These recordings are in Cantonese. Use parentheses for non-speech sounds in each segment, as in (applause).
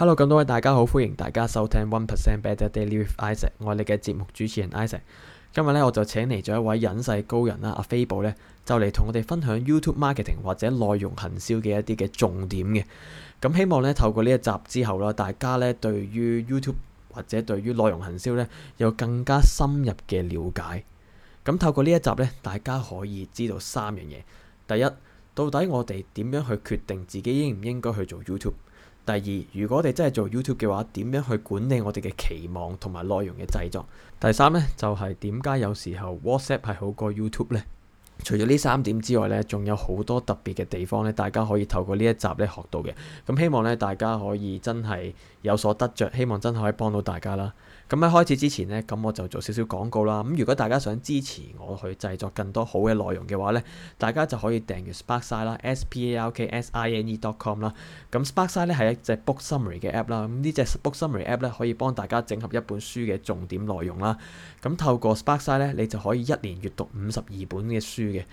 Hello，咁多位大家好，歡迎大家收聽 One Percent Better Daily with Isaac，我係你嘅節目主持人 Isaac。今日咧我就請嚟咗一位隱世高人啦，阿飛寶咧就嚟同我哋分享 YouTube Marketing 或者內容行銷嘅一啲嘅重點嘅。咁、嗯、希望咧透過呢一集之後啦，大家咧對於 YouTube 或者對於內容行銷咧有更加深入嘅了解。咁、嗯、透過呢一集咧，大家可以知道三樣嘢。第一，到底我哋點樣去決定自己應唔應該去做 YouTube？第二，如果我哋真係做 YouTube 嘅話，點樣去管理我哋嘅期望同埋內容嘅製作？第三呢，就係點解有時候 WhatsApp 係好過 YouTube 呢？除咗呢三點之外呢，仲有好多特別嘅地方呢，大家可以透過呢一集呢學到嘅。咁希望呢，大家可以真係有所得着，希望真係可以幫到大家啦。咁喺開始之前呢，咁我就做少少廣告啦。咁如果大家想支持我去製作更多好嘅內容嘅話呢，大家就可以訂閱 Sparksine 啦，s p a r k s i n e dot com 啦。咁 Sparksine 咧係一隻 book summary 嘅 app 啦。咁呢隻 book summary app 呢，可以幫大家整合一本書嘅重點內容啦。咁透過 Sparksine 咧，你就可以一年閱讀五十二本嘅書嘅。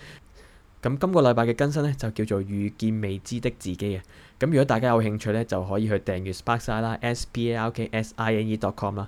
咁今個禮拜嘅更新呢，就叫做遇見未知的自己啊。咁如果大家有興趣呢，就可以去訂閱 Sparksine 啦，s p a r k s i n e dot com 啦。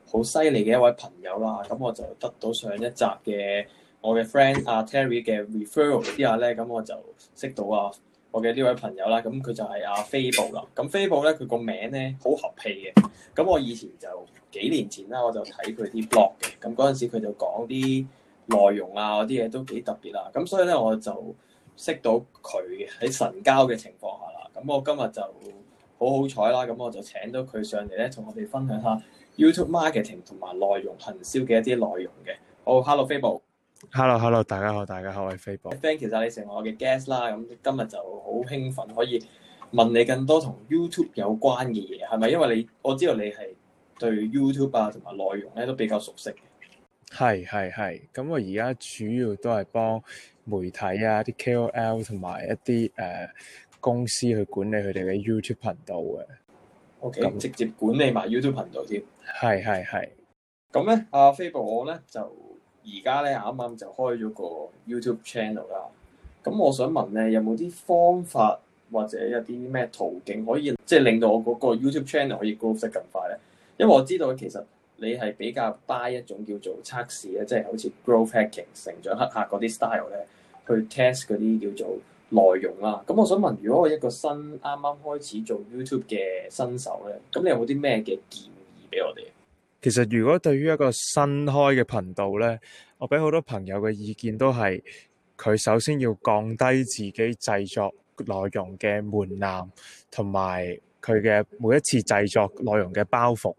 好犀利嘅一位朋友啦，咁我就得到上一集嘅我嘅 friend 阿 Terry 嘅 referral 之下咧，咁我就識到啊我嘅呢位朋友啦，咁佢就係阿飛布啦。咁飛布咧佢個名咧好合氣嘅，咁我以前就幾年前啦，我就睇佢啲 blog 嘅，咁嗰陣時佢就講啲內容啊嗰啲嘢都幾特別啦，咁所以咧我就識到佢喺神交嘅情況下啦，咁我今日就好好彩啦，咁我就請到佢上嚟咧同我哋分享下。YouTube marketing 同埋內容行銷嘅一啲內容嘅，好、oh，Hello，Facebook，Hello，Hello，大家好，大家好，我係 Facebook。Thank 其實你成為我嘅 guest 啦，咁今日就好興奮可以問你更多同 YouTube 有關嘅嘢，係咪？因為你我知道你係對 YouTube 啊同埋內容咧都比較熟悉。係係係，咁我而家主要都係幫媒體啊、啲 KOL 同埋一啲誒、呃、公司去管理佢哋嘅 YouTube 頻道嘅。咁 Okay、嗯、直接管理埋 YouTube 頻道添，係係係。咁咧，阿 Faber，我咧就而家咧啱啱就開咗個 YouTube channel 啦。咁我想問咧，有冇啲方法或者有啲咩途徑可以即係、就是、令到我嗰個 YouTube channel 可以 growth 得咁快咧？因為我知道其實你係比較 buy 一種叫做測試咧，即、就、係、是、好似 growth hacking 成長黑客嗰啲 style 咧，去 test 嗰啲叫做。內容啦、啊，咁、嗯、我想問，如果我一個新啱啱開始做 YouTube 嘅新手咧，咁你有冇啲咩嘅建議俾我哋？其實如果對於一個新開嘅頻道咧，我俾好多朋友嘅意見都係，佢首先要降低自己製作內容嘅門檻，同埋佢嘅每一次製作內容嘅包袱。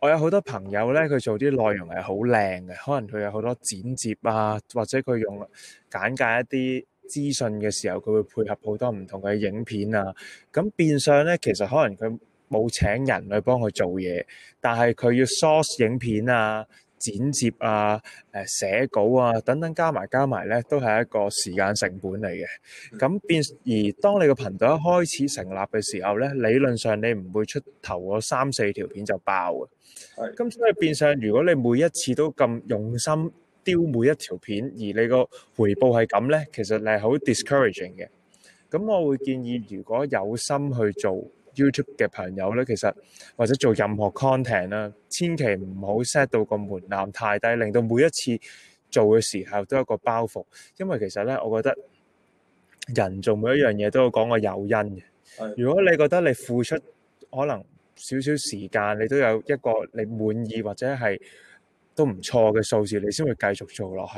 我有好多朋友咧，佢做啲內容係好靚嘅，可能佢有好多剪接啊，或者佢用簡介一啲。資訊嘅時候，佢會配合好多唔同嘅影片啊，咁變相咧，其實可能佢冇請人去幫佢做嘢，但係佢要 source 影片啊、剪接啊、誒寫稿啊等等加埋加埋咧，都係一個時間成本嚟嘅。咁變而當你個頻道一開始成立嘅時候咧，理論上你唔會出頭嗰三四條片就爆嘅。咁所以變相，如果你每一次都咁用心，丟每一條片，而你個回報係咁呢？其實你係好 discouraging 嘅。咁我會建議，如果有心去做 YouTube 嘅朋友呢，其實或者做任何 content 啦、啊，千祈唔好 set 到個門檻太低，令到每一次做嘅時候都有個包袱。因為其實呢，我覺得人做每一樣嘢都有講個誘因嘅。如果你覺得你付出可能少少時間，你都有一個你滿意或者係。都唔錯嘅數字，你先會繼續做落去。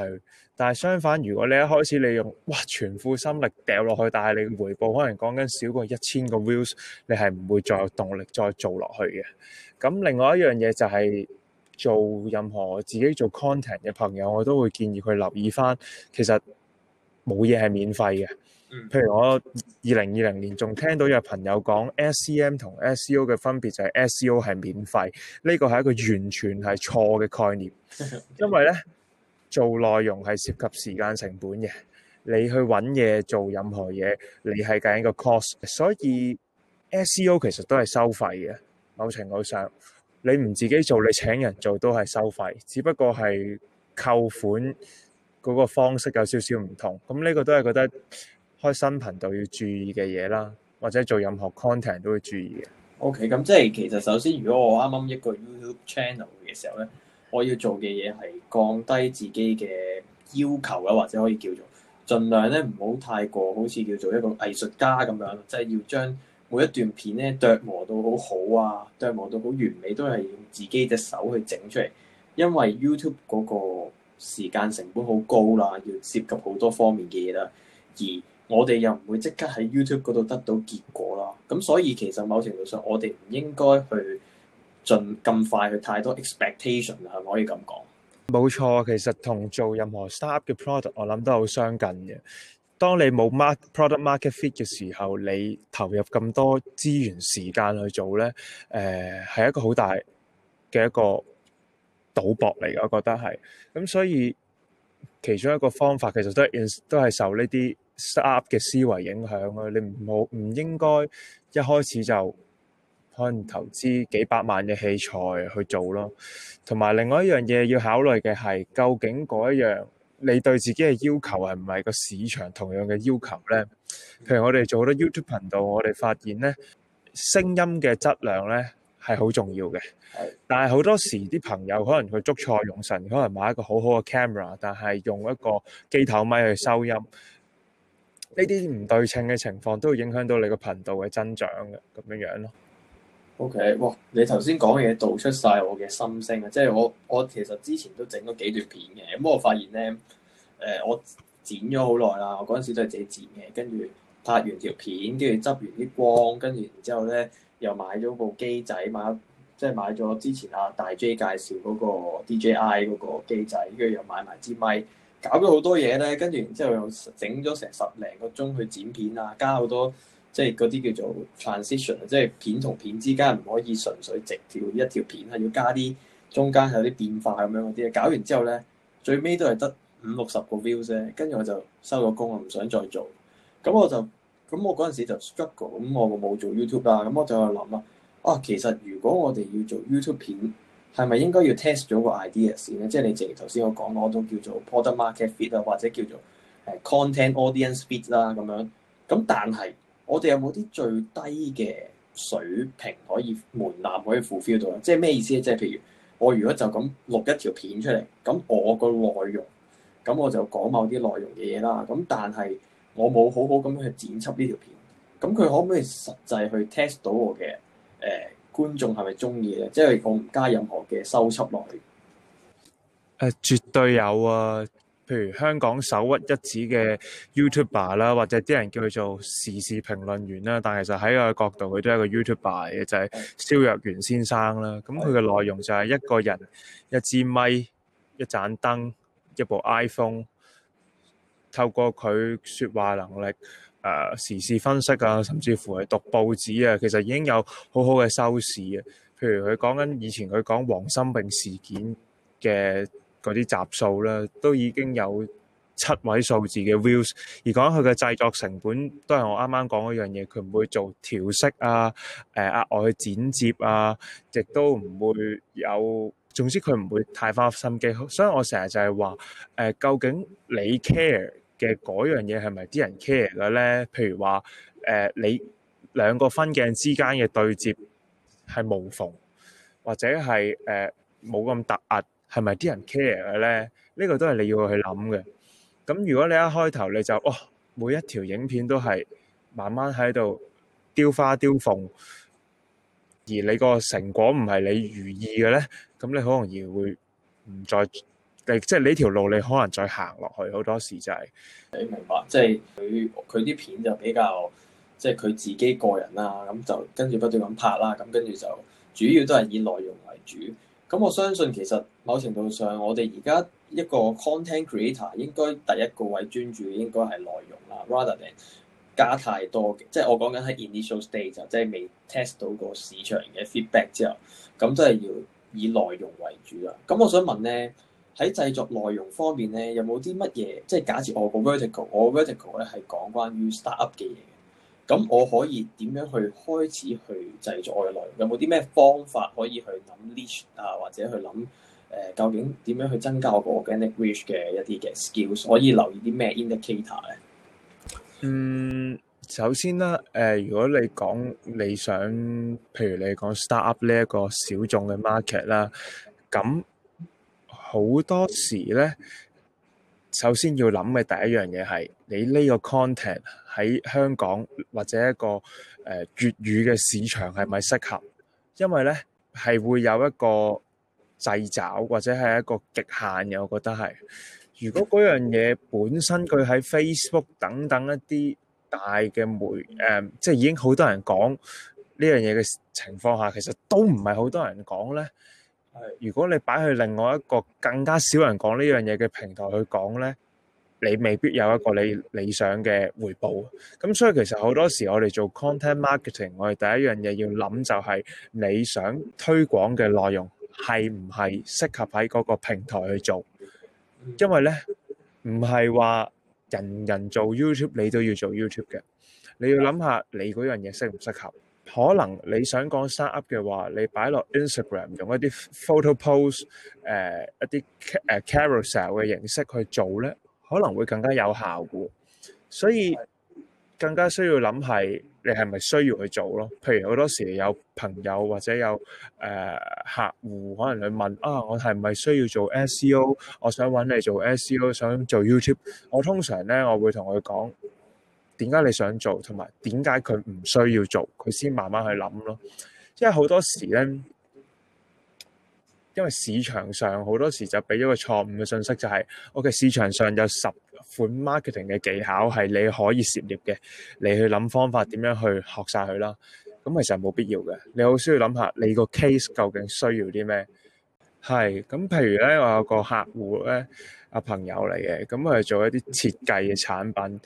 但係相反，如果你一開始你用哇全副心力掉落去，但係你嘅回報可能講緊少過一千個 views，你係唔會再有動力再做落去嘅。咁另外一樣嘢就係，做任何我自己做 content 嘅朋友，我都會建議佢留意返，其實冇嘢係免費嘅。譬如我二零二零年仲聽到有朋友講 SCM 同 SEO 嘅分別就係 SEO 係免費，呢個係一個完全係錯嘅概念，因為呢，做內容係涉及時間成本嘅，你去揾嘢做任何嘢，你係計個 cost，所以 SEO 其實都係收費嘅，某程度上你唔自己做，你請人做都係收費，只不過係扣款嗰個方式有少少唔同，咁呢個都係覺得。開新頻道要注意嘅嘢啦，或者做任何 content 都會注意嘅。OK，咁即係其實首先，如果我啱啱一個 YouTube channel 嘅時候咧，我要做嘅嘢係降低自己嘅要求啊，或者可以叫做盡量咧，唔好太過好似叫做一個藝術家咁樣，即係要將每一段片咧琢磨到好好啊，琢磨到好完美，都係用自己隻手去整出嚟，因為 YouTube 嗰個時間成本好高啦，要涉及好多方面嘅嘢啦，而我哋又唔會即刻喺 YouTube 度得到結果啦，咁所以其實某程度上，我哋唔應該去盡咁快去太多 expectation，係咪可以咁講？冇錯，其實同做任何 startup 嘅 product，我諗都係好相近嘅。當你冇 market product market fit 嘅時候，你投入咁多資源時間去做咧，誒、呃、係一個好大嘅一個賭博嚟嘅，我覺得係。咁所以其中一個方法其實都係都係受呢啲。Start-up 嘅思維影響咯，你唔好唔應該一開始就可能投資幾百萬嘅器材去做咯。同埋另外一樣嘢要考慮嘅係，究竟嗰一樣你對自己嘅要求係唔係個市場同樣嘅要求咧？譬如我哋做好多 YouTube 頻道，我哋發現咧聲音嘅質量咧係好重要嘅。但係好多時啲朋友可能去捉錯用神，可能買一個好好嘅 camera，但係用一個機頭咪去收音。呢啲唔對稱嘅情況都會影響到你個頻道嘅增長嘅咁樣樣咯。OK，哇！你頭先講嘅嘢道出晒我嘅心聲啊！即係我我其實之前都整咗幾段片嘅，咁我發現咧，誒我剪咗好耐啦。我嗰陣時都係自己剪嘅，跟住拍完條片，跟住執完啲光，跟住然之後咧又買咗部機仔，買即係買咗之前啊大 J 介紹嗰個 DJI 嗰個機仔，跟住又買埋支咪。搞咗好多嘢咧，跟住然之後又整咗成十零個鐘去剪片啊，加好多即係嗰啲叫做 transition 即係片同片之間唔可以純粹直條一條片，係要加啲中間有啲變化咁樣嗰啲。搞完之後咧，最尾都係得五六十個 view 啫，跟住我就收咗工，我唔想再做。咁我就咁我嗰陣時就 struggle，咁我冇做 YouTube 啦。咁我就去諗啦，啊其實如果我哋要做 YouTube 片。係咪應該要 test 咗個 idea 先咧？即係你正如頭先我講嗰種叫做 product market fit 啊，或者叫做誒 content audience fit 啦咁樣。咁但係我哋有冇啲最低嘅水平可以門檻可以 fulfill 到咧？即係咩意思咧？即係譬如我如果就咁錄一條片出嚟，咁我個內容，咁我就講某啲內容嘅嘢啦。咁但係我冇好好咁樣去剪輯呢條片，咁佢可唔可以實際去 test 到我嘅誒？呃觀眾係咪中意咧？即係唔加任何嘅收輯落去，誒絕對有啊！譬如香港首屈一指嘅 YouTuber 啦，或者啲人叫佢做時事評論員啦，但其實喺個角度，佢都係一個 YouTuber 嘅，就係、是、蕭若元先生啦。咁佢嘅內容就係一個人、一支咪，一盞燈、一部 iPhone，透過佢説話能力。誒時事分析啊，甚至乎係讀報紙啊，其實已經有好好嘅收視啊。譬如佢講緊以前佢講黃心病事件嘅嗰啲集數啦、啊，都已經有七位數字嘅 views。而講佢嘅製作成本，都係我啱啱講嗰樣嘢，佢唔會做調色啊，誒額外去剪接啊，亦都唔會有。總之佢唔會太花心機，所以我成日就係話誒，究竟你 care？嘅嗰樣嘢係咪啲人 care 嘅咧？譬如話，誒、呃、你兩個分鏡之間嘅對接係無縫，或者係誒冇咁突兀，係咪啲人 care 嘅咧？呢、呢個都係你要去諗嘅。咁如果你一開頭你就哦，每一條影片都係慢慢喺度雕花雕鳳，而你個成果唔係你如意嘅咧，咁你好容易會唔再。即係呢條路，你可能再行落去好多時，就係你明白。即係佢佢啲片就比較，即係佢自己個人啦，咁就跟住不斷咁拍啦，咁跟住就主要都係以內容為主。咁我相信其實某程度上，我哋而家一個 content creator 應該第一個位專注嘅應該係內容啦，rather than 加太多嘅。即、就、係、是、我講緊喺 initial stage，即係未 test 到個市場嘅 feedback 之後，咁都係要以內容為主啦、啊。咁我想問咧？喺製作內容方面咧，有冇啲乜嘢？即係假設我個 vertical，我個 vertical 咧係講關於 startup 嘅嘢嘅。咁我可以點樣去開始去製作我嘅內容？有冇啲咩方法可以去諗 reach 啊，或者去諗誒、呃、究竟點樣去增加我個 organic reach 嘅一啲嘅 skills？可以留意啲咩 indicator 咧？嗯，首先啦，誒、呃，如果你講你想，譬如你講 startup 呢一個小眾嘅 market 啦，咁。好多時咧，首先要諗嘅第一樣嘢係，你呢個 content 喺香港或者一個誒、呃、粵語嘅市場係咪適合？因為咧係會有一個掣肘，或者係一個極限嘅。我覺得係，如果嗰樣嘢本身佢喺 Facebook 等等一啲大嘅媒誒，即、呃、係、就是、已經好多人講呢樣嘢嘅情況下，其實都唔係好多人講咧，如果你擺去另外一個更加少人講呢樣嘢嘅平台去講呢，你未必有一個你理想嘅回報。咁所以其實好多時候我哋做 content marketing，我哋第一樣嘢要諗就係你想推廣嘅內容係唔係適合喺嗰個平台去做，因為呢，唔係話人人做 YouTube，可能你想講 startup 嘅話，你擺落 Instagram 用一啲 photo post，誒、呃、一啲誒 carousel 嘅形式去做咧，可能會更加有效嘅。所以更加需要諗係你係咪需要去做咯。譬如好多時有朋友或者有誒、呃、客戶可能去問啊，我係咪需要做 SEO？我想揾你做 SEO，想做 YouTube。我通常咧，我會同佢講。點解你想做，同埋點解佢唔需要做，佢先慢慢去諗咯。即係好多時咧，因為市場上好多時就俾咗個錯誤嘅信息，就係，就係 OK 市場上有十款 marketing 嘅技巧係你可以涉獵嘅，你去諗方法點樣去學晒佢啦。咁其實冇必要嘅，你好需要諗下你個 case 究竟需要啲咩係咁。譬如咧，我有個客戶咧，阿朋友嚟嘅，咁佢做一啲設計嘅產品。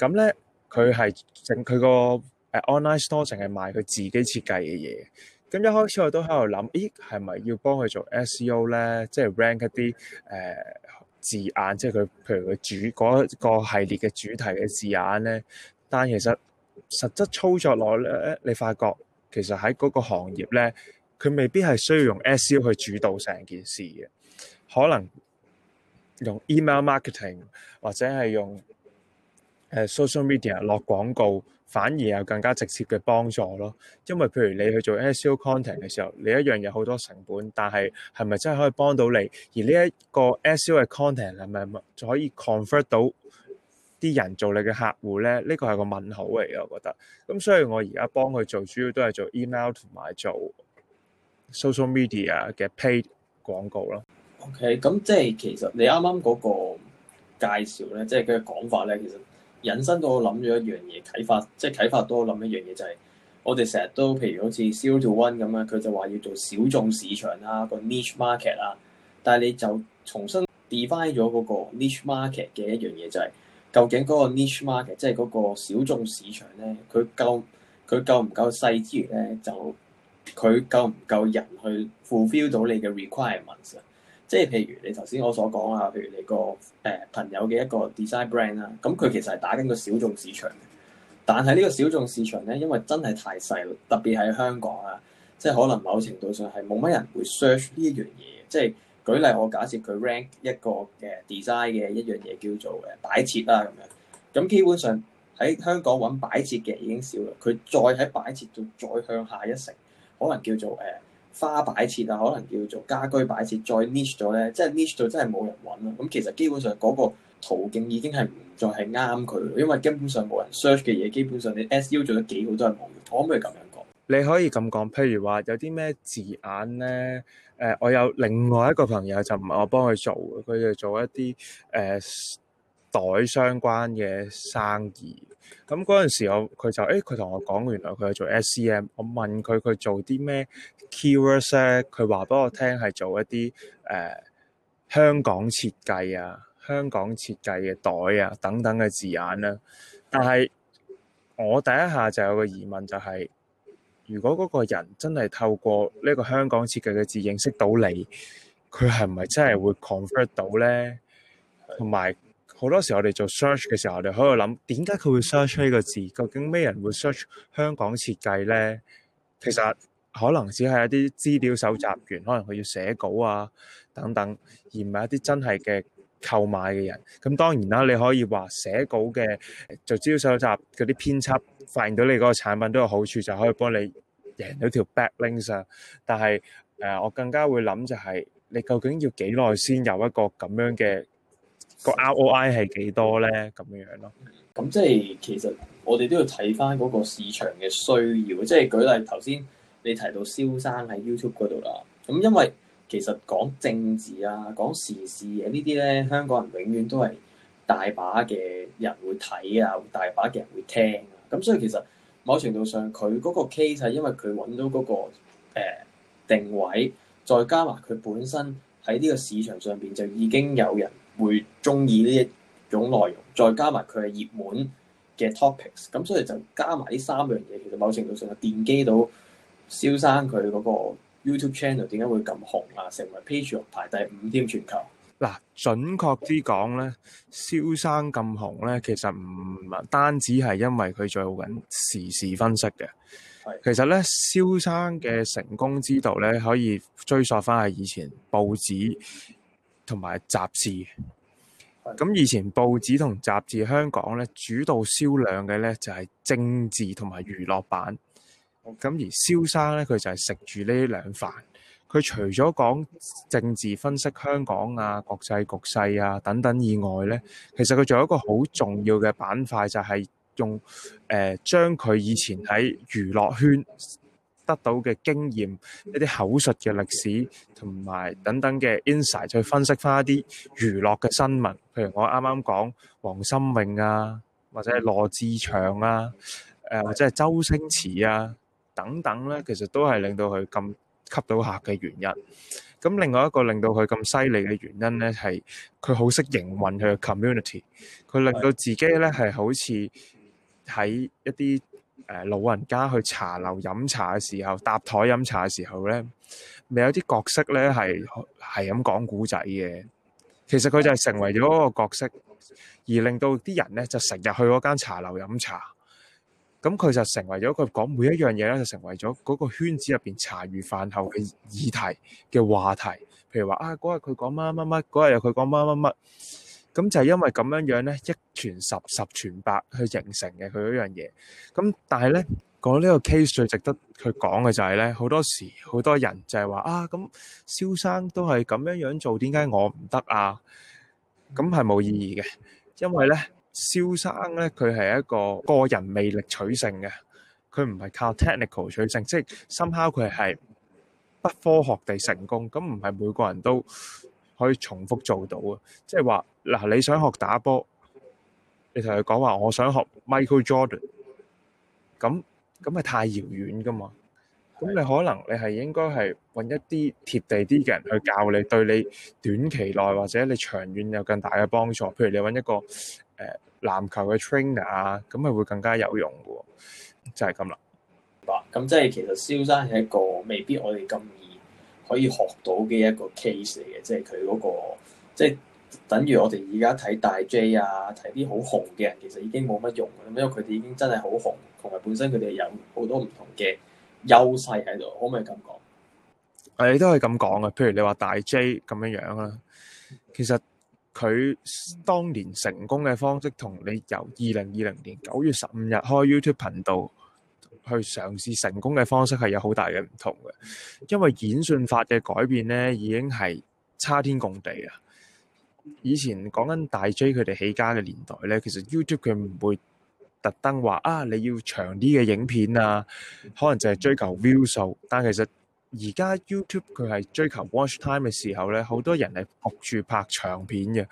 咁咧，佢係整佢個誒 online store，淨係賣佢自己設計嘅嘢。咁一開始我都喺度諗，咦，係咪要幫佢做 SEO 咧？即係 rank 一啲誒、呃、字眼，即係佢譬如佢主嗰一、嗰個系列嘅主題嘅字眼咧。但其實實質操作落咧，你發覺其實喺嗰個行業咧，佢未必係需要用 SEO 去主導成件事嘅，可能用 email marketing 或者係用。誒 social media 落廣告反而有更加直接嘅幫助咯，因為譬如你去做 SEO content 嘅時候，你一樣有好多成本，但係係咪真係可以幫到你？而呢一個 SEO 嘅 content 係咪就可以 convert 到啲人做你嘅客戶咧？呢個係個問號嚟嘅，我覺得。咁所以我而家幫佢做主要都係做 email 同埋做 social media 嘅 paid 廣告咯。OK，咁即係其實你啱啱嗰個介紹咧，即係佢嘅講法咧，其實。引申到我諗咗一樣嘢，啟發即係啟發多諗一樣嘢、就是，就係我哋成日都譬如好似 zero to one 咁啊，佢就話要做小眾市場啦，個 niche market 啦，但係你就重新 divide 咗嗰個 niche market 嘅一樣嘢、就是，就係究竟嗰個 niche market 即係嗰個小眾市場咧，佢夠佢夠唔夠細之餘咧，就佢夠唔夠人去 fulfill 到你嘅 requirements？即係譬如你頭先我所講啊，譬如你個誒、呃、朋友嘅一個 design brand 啦、啊，咁佢其實係打緊個小眾市場，但係呢個小眾市場咧，因為真係太細，特別喺香港啊，即係可能某程度上係冇乜人會 search 呢一樣嘢。即係舉例，我假設佢 rank 一個嘅 design 嘅一樣嘢叫做誒擺設啦咁樣。咁、嗯、基本上喺香港揾擺設嘅已經少啦。佢再喺擺設度再向下一成，可能叫做誒。呃花擺設啊，可能叫做家居擺設，再 niche 咗咧，即係 niche 到真係冇人揾咯。咁其實基本上嗰個途徑已經係唔再係啱佢，因為根本上冇人 search 嘅嘢，基本上你 SEO 做得幾好都係冇嘅。可唔可以咁樣講？你可以咁講，譬如話有啲咩字眼咧？誒、呃，我有另外一個朋友就唔係我幫佢做，佢就做一啲誒、呃、袋相關嘅生意。咁嗰陣時，欸、我佢就誒，佢同我講，原來佢係做 SCM。我問佢佢做啲咩 keywords 咧、啊，佢話俾我聽係做一啲誒、呃、香港設計啊、香港設計嘅袋啊等等嘅字眼啦、啊。但係我第一下就有個疑問、就是，就係如果嗰個人真係透過呢個香港設計嘅字認識到你，佢係唔係真係會 convert 到咧？同埋。好多時候我哋做 search 嘅時候，我哋喺度諗點解佢會 search 出呢個字？究竟咩人會 search 香港設計咧？其實可能只係一啲資料蒐集員，可能佢要寫稿啊等等，而唔係一啲真係嘅購買嘅人。咁當然啦，你可以話寫稿嘅做資料蒐集嗰啲編輯發現到你嗰個產品都有好處，就可以幫你贏到條 back links。但係誒，我更加會諗就係你究竟要幾耐先有一個咁樣嘅？個 R O I 係幾多咧？咁樣樣咯，咁即係其實我哋都要睇翻嗰個市場嘅需要。即係舉例頭先你提到蕭生喺 YouTube 嗰度啦，咁因為其實講政治啊、講時事嘅呢啲咧，香港人永遠都係大把嘅人會睇啊，大把嘅人會聽啊。咁所以其實某程度上佢嗰個 case 係因為佢揾到嗰、嗰個、呃、定位，再加埋佢本身喺呢個市場上邊就已經有人。會中意呢一種內容，再加埋佢係熱門嘅 topics，咁所以就加埋呢三樣嘢，其實某程度上係電機到蕭生佢嗰個 YouTube channel 點解會咁紅啊，成為 PageRank 排第五添全球。嗱，準確啲講咧，蕭生咁紅咧，其實唔係單止係因為佢做緊時事分析嘅，的其實咧蕭生嘅成功之道咧，可以追溯翻係以前報紙，同埋雜誌，咁以前報紙同雜誌香港呢，主導銷量嘅呢就係政治同埋娛樂版。咁而蕭生呢，佢就係食住呢啲兩飯。佢除咗講政治分析香港啊、國際局勢啊等等以外呢，其實佢仲有一個好重要嘅板塊就係用誒、呃、將佢以前喺娛樂圈得到嘅經驗，一啲口述嘅歷史同埋等等嘅 insight，去分析翻一啲娛樂嘅新聞，譬如我啱啱講黃心穎啊，或者係羅志祥啊，誒或者係周星馳啊等等咧，其實都係令到佢咁吸到客嘅原因。咁另外一個令到佢咁犀利嘅原因咧，係佢好識營運佢嘅 community，佢令到自己咧係好似喺一啲。誒老人家去茶樓飲茶嘅時候，搭枱飲茶嘅時候咧，咪有啲角色咧係係咁講古仔嘅。其實佢就係成為咗嗰個角色，而令到啲人咧就成日去嗰間茶樓飲茶。咁佢就成為咗佢講每一樣嘢咧，就成為咗嗰個圈子入邊茶餘飯後嘅議題嘅話題。譬如話啊，嗰日佢講乜乜乜，嗰日又佢講乜乜乜。咁就係因為咁樣樣咧，一傳十，十傳百，去形成嘅佢嗰樣嘢。咁但係咧，講呢個 case 最值得去講嘅就係咧，好多時好多人就係話啊，咁蕭生都係咁樣樣做，點解我唔得啊？咁係冇意義嘅，因為咧，蕭生咧佢係一個個人魅力取勝嘅，佢唔係靠 technical 取勝，即係 somehow 佢係不科學地成功，咁唔係每個人都可以重複做到嘅，即係話。嗱，你想學打波，你同佢講，話我想學 Michael Jordan，咁咁係太遙遠噶嘛？咁的你可能你係應該係搵一啲貼地啲嘅人去教你，對你短期內或者你長遠有更大嘅幫助。譬如你搵一個誒呃、籃球嘅 trainer 啊，咁係會更加有用嘅。就係咁啦。嗱，咁即係其實蕭生係一個未必我哋咁易可以學到嘅一個 case 嚟嘅，即係佢嗰個即係。等於我哋而家睇大 J 啊，睇啲好紅嘅人，其實已經冇乜用，因為佢哋已經真係好紅，同埋本身佢哋有好多唔同嘅優勢喺度，可唔可以咁講？誒，你都可以咁講嘅。譬如你話大 J 咁樣樣啦，其實佢當年成功嘅方式，同你由二零二零年九月十五日開 YouTube 頻道去嘗試成功嘅方式，係有好大嘅唔同嘅，因為演算法嘅改變咧，已經係差天共地啊！以前講緊大 J 佢哋起家嘅年代咧，其實 YouTube 佢唔會特登話啊，你要長啲嘅影片啊，可能就係追求 view 數。但其實而家 YouTube 佢係追求 watch time 嘅時候咧，好多人係焗住拍長片嘅。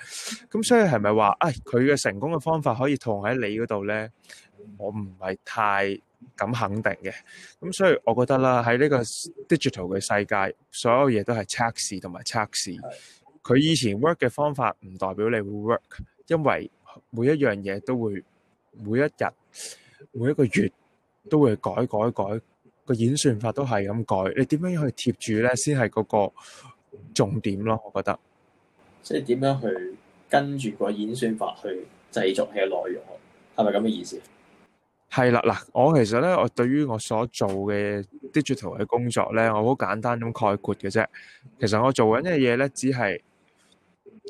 咁所以係咪話啊，哎、佢嘅成功嘅方法可以套喺你嗰度咧？我唔係太敢肯定嘅。咁所以我覺得啦，喺呢個 digital 嘅世界，所有嘢都係測試同埋測試。佢以前 work 嘅方法唔代表你會 work，因為每一樣嘢都會，每一日，每一個月都會改改改，個演算法都係咁改。你點樣去貼住咧，先係嗰個重點咯。我覺得，即係點樣去跟住個演算法去製作嘅內容，係咪咁嘅意思？係啦，嗱，我其實咧，我對於我所做嘅 digital 嘅工作咧，我好簡單咁概括嘅啫。其實我做緊嘅嘢咧，只係。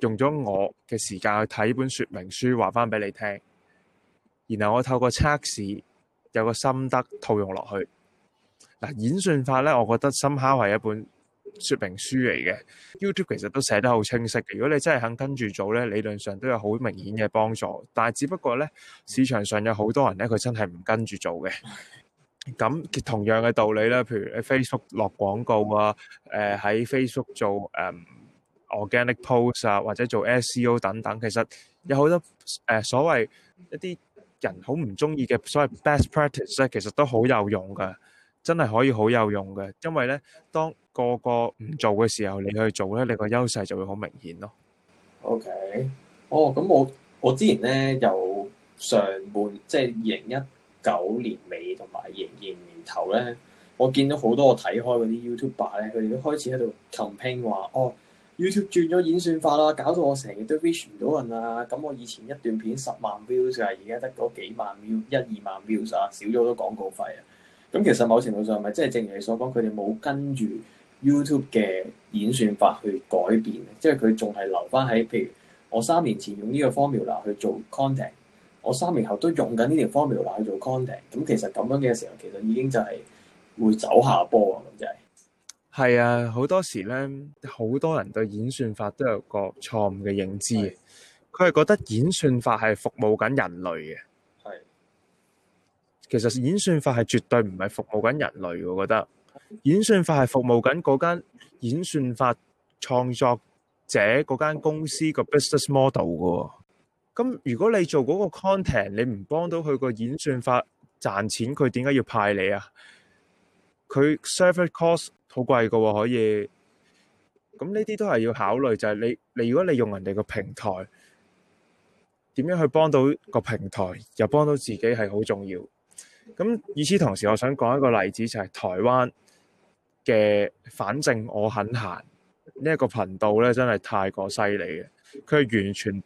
用咗我嘅時間去睇本說明書，話翻俾你聽。然後我透過測試有個心得套用落去。嗱，演算法咧，我覺得深刻係一本說明書嚟嘅。YouTube 其實都寫得好清晰嘅。如果你真係肯跟住做咧，理論上都有好明顯嘅幫助。但係只不過咧，市場上有好多人咧，佢真係唔跟住做嘅。咁同樣嘅道理咧，譬如喺 Facebook 落廣告啊，誒、呃、喺 Facebook 做誒。嗯 organic post 啊，或者做 SEO 等等，其實有好多誒所謂一啲人好唔中意嘅所謂 best practice 咧，其實都好有用嘅，真係可以好有用嘅。因為咧，當個個唔做嘅時候，你去做咧，你個優勢就會好明顯咯。OK，哦、oh，咁我我之前咧由上半即係二零一九年尾同埋二零二零年頭咧，我見到好多我睇開嗰啲 YouTube 咧，佢哋都開始喺度 campaign 話哦。Oh, YouTube 轉咗演算法啦，搞到我成日都 reach 唔到人啊！咁我以前一段片十萬 views 就係，而家得嗰幾萬 view，一二萬 views 啊，少咗好多廣告費啊！咁其實某程度上咪即係正如你所講，佢哋冇跟住 YouTube 嘅演算法去改變，即係佢仲係留翻喺譬如我三年前用呢個 formula 去做 content，我三年後都用緊呢條 formula 去做 content。咁其實咁樣嘅時候，其實已經就係會走下坡啊！咁就係、是。係啊，好多時咧，好多人對演算法都有個錯誤嘅認知嘅。佢係的覺得演算法係服務緊人類嘅。係的。其實演算法係絕對唔係服務緊人類，我覺得。演算法係服務緊嗰間演算法創作者嗰間公司個 business model 嘅。咁如果你做嗰個 content，你唔幫到佢個演算法賺錢，佢點解要派你啊？佢 server cost。好貴㗎喎，可以，咁呢啲都係要考慮，就係、是、你你如果利用人哋個平台，點樣去幫到個平台又幫到自己係好重要。咁與此同時，我想講一個例子，就係、是、台灣嘅反正我很閒呢一個頻道咧，真係太過犀利嘅，佢係完全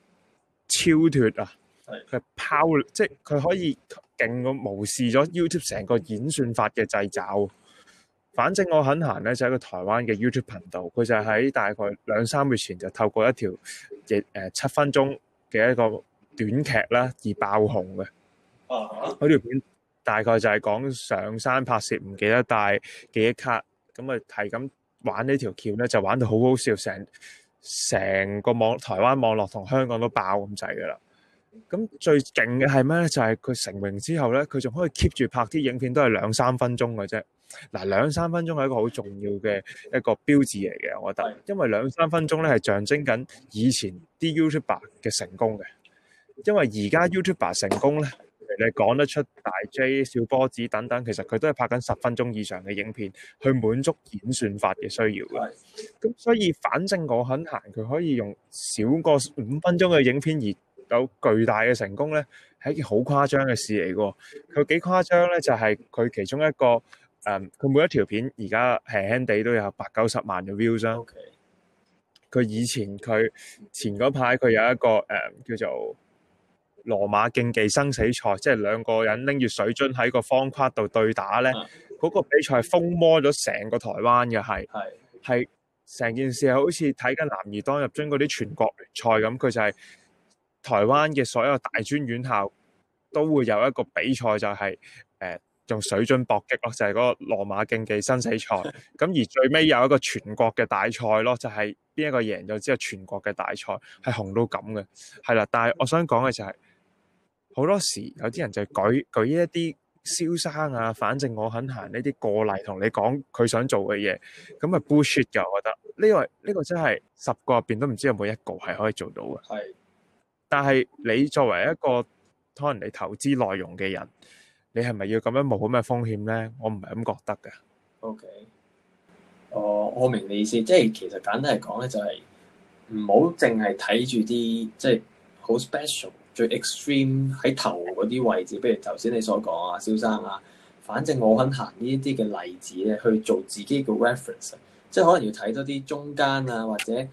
超脫啊，佢拋的即係佢可以勁咁無視咗 YouTube 成個演算法嘅掣肘。反正我很閒呢，就喺、是、個台灣嘅 YouTube 頻道，佢就喺大概兩三個月前就透過一條誒七分鐘嘅一個短劇啦而爆紅嘅。哦、啊，嗰條片大概就係講上山拍攝唔記得帶記憶卡，咁啊係咁玩條橋呢條橋咧，就玩到好好笑，成成個網台灣網絡同香港都爆咁滯噶啦。咁最勁嘅係咩咧？就係、是、佢成名之後咧，佢仲可以 keep 住拍啲影片都，都係兩三分鐘嘅啫。嗱，兩三分鐘係一個好重要嘅一個標誌嚟嘅，我覺得，因為兩三分鐘咧係象徵緊以前啲 YouTuber 嘅成功嘅。因為而家 YouTuber 成功咧，你講得出大 J、笑波子等等，其實佢都係拍緊十分鐘以上嘅影片去滿足演算法嘅需要嘅。咁所以，反正我肯行，佢可以用少過五分鐘嘅影片而有巨大嘅成功咧，係一件好誇張嘅事嚟嘅。佢幾誇張咧，就係、是、佢其中一個。誒佢、嗯、每一條片而家輕輕地都有八九十萬嘅 views 佢以前佢前嗰排佢有一個誒、嗯、叫做羅馬競技生死賽，即、就、係、是、兩個人拎住水樽喺個方框度對打咧。嗰、啊、個比賽風靡咗成個台灣嘅，係係成件事係好似睇緊男兒當入樽嗰啲全國聯賽咁，佢就係台灣嘅所有大專院校都會有一個比賽、就是，就係誒。用水準搏擊咯，就係、是、嗰個羅馬競技生死賽，咁而最尾有一個全國嘅大賽咯，就係、是、邊一個贏就之後全國嘅大賽係紅到咁嘅，係啦。但係我想講嘅就係、是、好多時有啲人就舉舉一啲燒生啊，反正我肯行呢啲過嚟同你講佢想做嘅嘢，咁啊 bullshit 噶，我覺得呢、這個呢、這個真係十個入邊都唔知有冇一個係可以做到嘅。係，但係你作為一個可能你投資內容嘅人。你係咪要咁樣冒好咩風險咧？我唔係咁覺得嘅。OK，我、呃、我明你意思，即係其實簡單嚟講咧，就係、是、唔好淨係睇住啲即係好 special、最 extreme 喺頭嗰啲位置，比如頭先你所講啊，蕭生啊，反正我肯行呢啲嘅例子咧，去做自己嘅 reference，即係可能要睇多啲中間啊，或者誒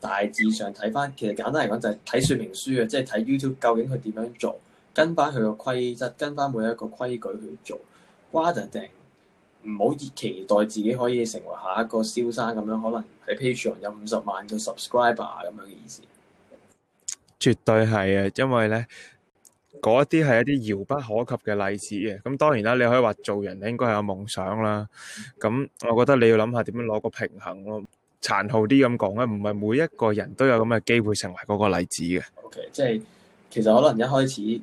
大致上睇返。其實簡單嚟講，就係睇説明書啊，即係睇 YouTube 究竟佢點樣做。跟翻佢個規則，跟翻每一個規矩去做。w a 唔好以期待自己可以成為下一個蕭生咁樣，可能喺 Patreon 有五十萬個 subscriber 咁樣嘅意思。絕對係啊，因為咧嗰一啲係一啲遙不可及嘅例子嘅。咁當然啦，你可以話做人應該係有夢想啦。咁我覺得你要諗下點樣攞個平衡咯。殘酷啲咁講咧，唔係每一個人都有咁嘅機會成為嗰個例子嘅。OK，即係其實可能一開始。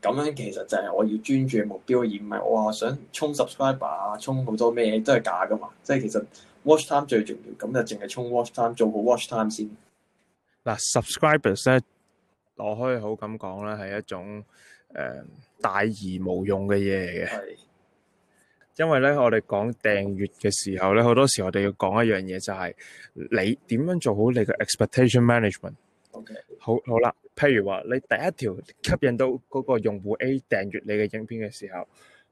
咁樣其實就係我要專注嘅目標，而唔係我話想沖 subscriber 啊，沖好多咩都係假噶嘛。即係其實 watch time 最重要，咁就淨係沖 watch time，做好 watch time 先。嗱，subscribers 咧，我可以好咁講啦，係一種誒、呃、大而無用嘅嘢嚟嘅。係是。因為咧，我哋講訂閲嘅時候咧，好多時我哋要講一樣嘢、就是，就係你點樣做好你嘅 expectation management。好好啦，譬如話你第一條吸引到嗰個用戶 A 訂閱你嘅影片嘅時候，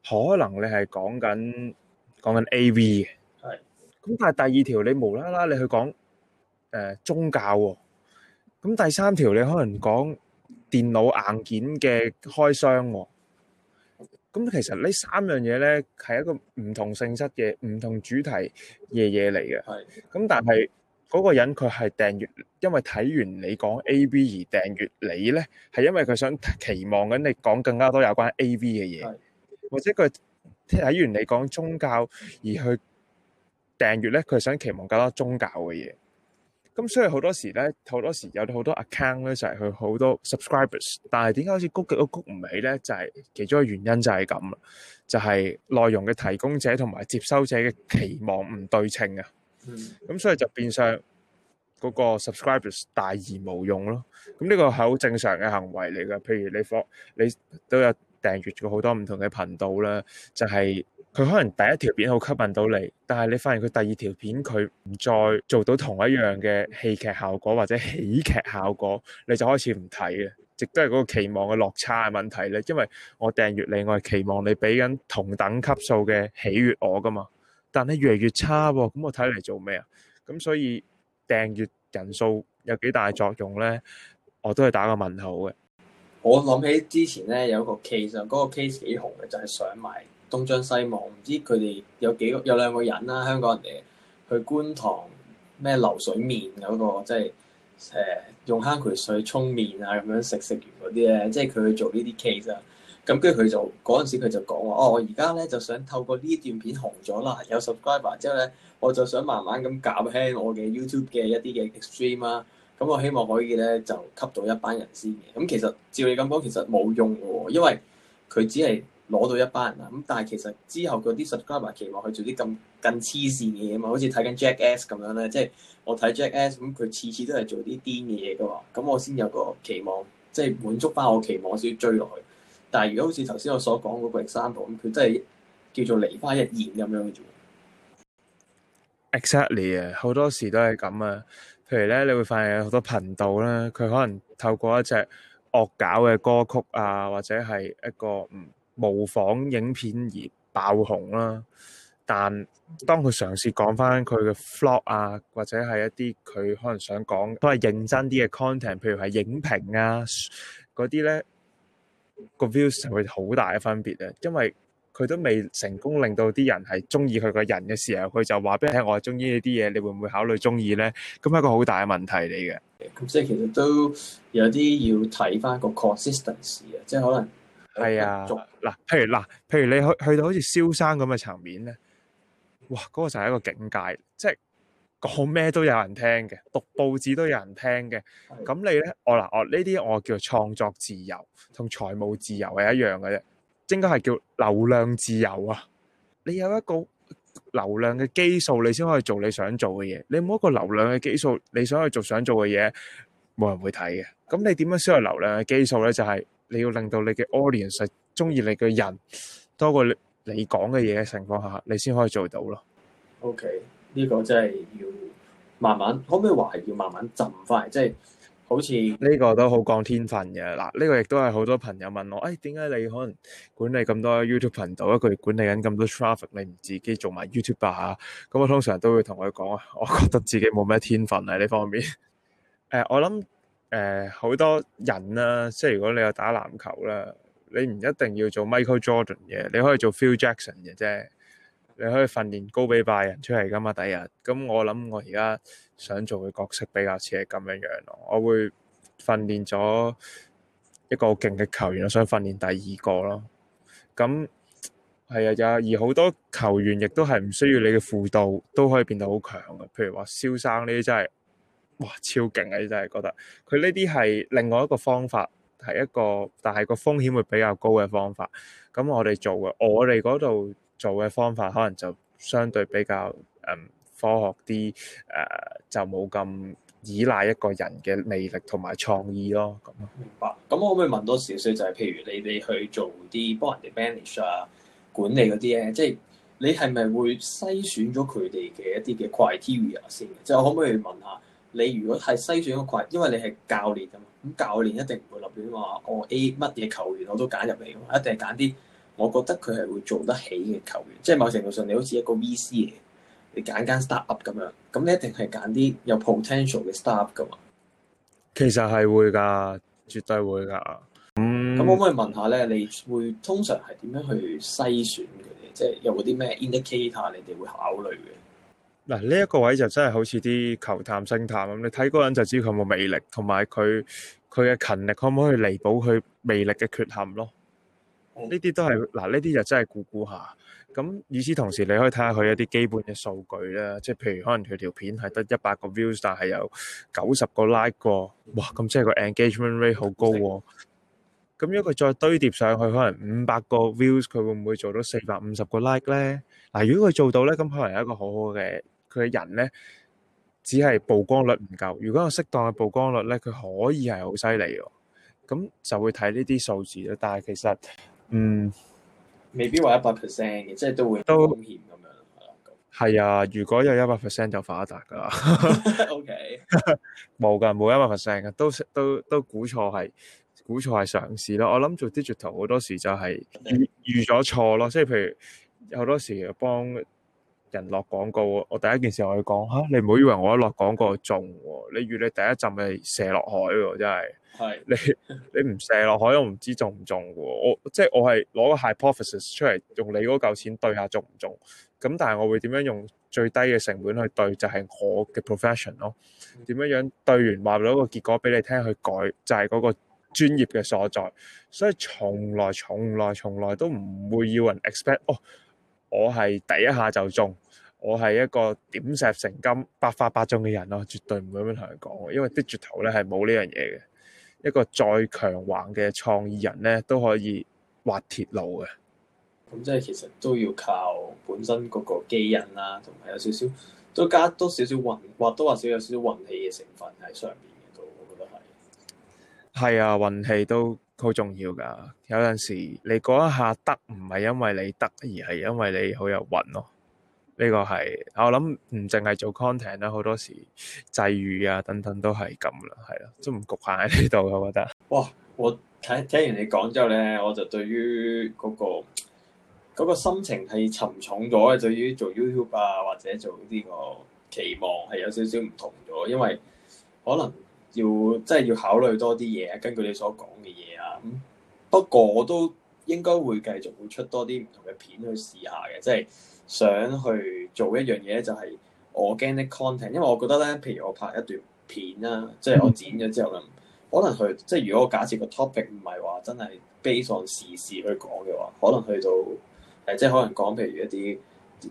可能你係講緊講緊 AV 嘅，係。咁但係第二條你無啦啦你去講誒宗教喎，咁第三條你可能講電腦硬件嘅開箱喎。咁其實呢三樣嘢咧，係一個唔同性質嘅唔同主題嘅嘢嚟嘅，係。咁但係。嗰個人佢係訂閱，因為睇完你講 AV 而訂閱你咧，係因為佢想期望緊你講更加多有關 AV 嘅嘢，或者佢睇完你講宗教而去訂閱咧，佢想期望更加多宗教嘅嘢。咁所以好多時咧，好多時有好多 account 咧，就係佢好多 subscribers，但係點解好似谷極都谷唔起咧？就係其中嘅原因就係咁就係內容嘅提供者同埋接收者嘅期望唔對稱啊！咁、嗯、所以就變相嗰個 subscribers 大而無用咯。咁呢個係好正常嘅行為嚟噶。譬如你放你都有訂閱咗好多唔同嘅頻道啦，就係、是、佢可能第一條片好吸引到你，但係你發現佢第二條片佢唔再做到同一樣嘅戲劇效果或者喜劇效果，你就開始唔睇嘅。亦都係嗰個期望嘅落差嘅問題咧。因為我訂閱你，我係期望你俾緊同等級數嘅喜悅我噶嘛。但係越嚟越差喎、哦，咁我睇嚟做咩啊？咁所以訂閱人數有幾大作用咧？我都係打個問號嘅。我諗起之前咧有個 case，嗰個 case 幾紅嘅，就係、是、上埋東張西望，唔知佢哋有幾個有兩個人啦、啊，香港人嚟去觀塘咩流水面嗰、那個，即係誒用坑渠水沖麵啊咁樣食食完嗰啲咧，即係佢去做呢啲 case 啊。咁跟住佢就嗰陣時，佢就講話哦，我而家咧就想透過呢段片紅咗啦，有 subscriber 之後咧，我就想慢慢咁減輕我嘅 YouTube 嘅一啲嘅 extreme 啊。咁、嗯、我希望可以咧就吸到一班人先嘅。咁其實照你咁講，其實冇用嘅，因為佢只係攞到一班人啦。咁、嗯、但係其實之後嗰啲 subscriber 期望去做啲咁更黐線嘅嘢嘛，好似睇緊 Jack S 咁樣咧，即係我睇 Jack S 咁、嗯，佢次次都係做啲癲嘅嘢嘅嘛。咁、嗯、我先有個期望，即係滿足翻我期望我先追落去。但係如果好似頭先我所講嗰個 example 咁，佢真係叫做梨花一言咁樣嘅啫。Exactly 啊，好多時都係咁啊。譬如咧，你會發現有好多頻道啦，佢可能透過一隻惡搞嘅歌曲啊，或者係一個模仿影片而爆紅啦、啊。但當佢嘗試講翻佢嘅 vlog 啊，或者係一啲佢可能想講都係認真啲嘅 content，譬如係影評啊嗰啲咧。個 views 就會好大嘅分別啊，因為佢都未成功令到啲人係中意佢個人嘅時候，佢就話俾你聽我中意呢啲嘢，你會唔會考慮中意咧？咁係一個好大嘅問題嚟嘅。咁即係其實都有啲要睇翻個 consistency 啊，即係可能係啊，嗱，譬如嗱，譬如你去去到好似蕭生咁嘅層面咧，哇，嗰個就係一個境界，即係。講咩都有人聽嘅，讀報紙都有人聽嘅。咁你咧，我嗱我呢啲我叫做創作自由，同財務自由係一樣嘅啫。應該係叫流量自由啊！你有一個流量嘅基數，你先可以做你想做嘅嘢。你冇一個流量嘅基數，你想去做想做嘅嘢，冇人會睇嘅。咁你點樣先係流量嘅基數咧？就係你要令到你嘅 audience 中意你嘅人多過你你講嘅嘢嘅情況下，你先可以做到咯。OK。呢個真係要慢慢，可唔可以話係要慢慢浸快，即係好似呢個都好講天分嘅嗱，呢個亦都係好多朋友問我，誒點解你可能管理咁多 YouTube 頻道，一句管理緊咁多 traffic，你唔自己做埋 YouTuber 啊？咁我通常都會同佢講啊，我覺得自己冇咩天分喺呢方面。誒、 (laughs) 呃，我諗誒好多人啊，即係如果你有打籃球啦，你唔一定要做 Michael Jordan 嘅，你可以做 Phil Jackson 嘅啫。你可以訓練高比拜仁出嚟噶嘛？第日咁，我諗我而家想做嘅角色比較似係咁樣樣咯。我會訓練咗一個勁嘅球員，我想訓練第二個咯。咁係啊，有而好多球員亦都係唔需要你嘅輔導都可以變到好強嘅。譬如話蕭生呢啲真係哇超勁啊！真係覺得佢呢啲係另外一個方法，係一個但係個風險會比較高嘅方法。咁我哋做嘅，我哋嗰度。做嘅方法可能就相對比較誒、嗯、科學啲，誒、呃、就冇咁依賴一個人嘅魅力同埋創意咯。明白。咁我可唔可以問多少少？就係、是、譬如你哋去做啲幫人哋 manage 啊管理嗰啲咧，即係、就是、你係咪會篩選咗佢哋嘅一啲嘅 criteria 先？就我可唔可以問下你？如果係篩選個，因為你係教練啊嘛，咁教練一定唔會立亂話我 A 乜嘢球員我都揀入嚟，一定係揀啲。我覺得佢係會做得起嘅球員，即係某程度上，你好似一個 VC，你揀間 startup 咁樣，咁你一定係揀啲有 potential 嘅 startup 噶嘛。其實係會㗎，絕對會㗎。咁咁，可唔可以問下咧？你會通常係點樣去篩選佢、嗯、即係有冇啲咩 indicator 你哋會考慮嘅？嗱，呢一個位就真係好似啲球探星探咁，你睇嗰個人就知佢有冇魅力，同埋佢佢嘅勤力可唔可以彌補佢魅力嘅缺陷咯？呢啲都係嗱，呢啲就真係估估下。咁，與此同時，你可以睇下佢一啲基本嘅數據啦，即係，譬如可能佢條片係得一百個 views，但係有九十個 like 喎。哇！咁即係個 engagement rate 好高喎。咁如果佢再堆疊上去，可能五百個 views，佢會唔會做到四百五十個 like 咧？嗱，如果佢做到咧，咁可能係一個好好嘅佢嘅人咧，只係曝光率唔夠。如果有適當嘅曝光率咧，佢可以係好犀利喎。咁就會睇呢啲數字啦。但係其實，嗯，未必話一百 percent 嘅，即係都會險都風險咁樣係啊。如果有一百 percent 就發達噶啦，OK，冇噶冇一百 percent 嘅，都都都估錯係，估錯係上市咯。我諗做 digital 好多時就係預咗錯咯，即係譬如好多時幫，人落廣告，我第一件事我要講嚇，你唔好以為我一落廣告中。你預你第一浸係射落海喎，真係。係 (laughs) 你你唔射落海，我唔知中唔中喎。我即係我係攞個 hypothesis 出嚟，用你嗰嚿錢對下中唔中。咁但係我會點樣用最低嘅成本去對，就係我嘅 profession 咯。點樣、mm. 樣對完話，攞個結果俾你聽去改，就係嗰個專業嘅所在。所以從來從來從來，從來都唔會要人 expect 哦。我係第一下就中，我係一個點石成金百發百中嘅人咯，絕對唔會咁樣同人講，因為呢 digital 咧係冇呢樣嘢嘅。一個再強橫嘅創意人咧都可以滑鐵盧嘅。咁即係其實都要靠本身嗰個基因啦，啊，同埋有少少都加多少少運，或多或少有少少運氣嘅成分喺上面嘅都，我覺得係。係啊，運氣都。好重要噶，有陣時你嗰一下得唔係因為你得，而係因為你好有運咯。呢個係我諗，唔淨係做 content 啦，好多時際遇啊等等都係咁啦，係咯，都唔局限喺呢度。我覺得。哇！我聽聽完你講之後咧，我就對於嗰個嗰個心情係沉重咗嘅，嗯、對於做 YouTube 啊或者做呢個期望係有少少唔同咗，因為可能。要即係要考慮多啲嘢，根據你所講嘅嘢啊。不過我都應該會繼續會出多啲唔同嘅片去試下嘅，即係想去做一樣嘢咧，就係我驚啲 content，因為我覺得咧，譬如我拍一段片啦，即係我剪咗之後咧，嗯、可能去即係如果我假設個 topic 唔係話真係 based on 時事去講嘅話，可能去到誒，即係可能講譬如一啲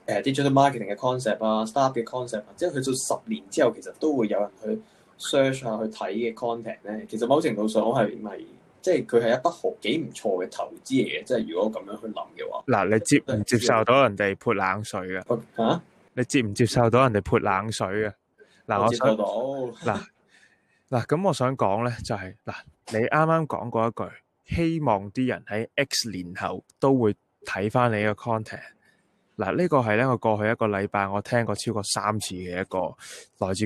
誒、uh, digital marketing 嘅 concept 啊，start-up 嘅 concept，啊、即係去到十年之後，其實都會有人去 search 下去睇嘅 content 咧，其實某程度上我係咪即係佢係一筆好幾唔錯嘅投資嚟嘅，即係如果咁樣去諗嘅話。嗱，你接唔接受到人哋潑冷水嘅？嚇、啊！你接唔接受到人哋潑冷水嘅？嗱，我接受到嗱嗱咁，我想講咧，就係、是、嗱，你啱啱講過一句，希望啲人喺 X 年後都會睇翻你嘅 content。嗱，這個、呢個係咧，我過去一個禮拜，我聽過超過三次嘅一個來自。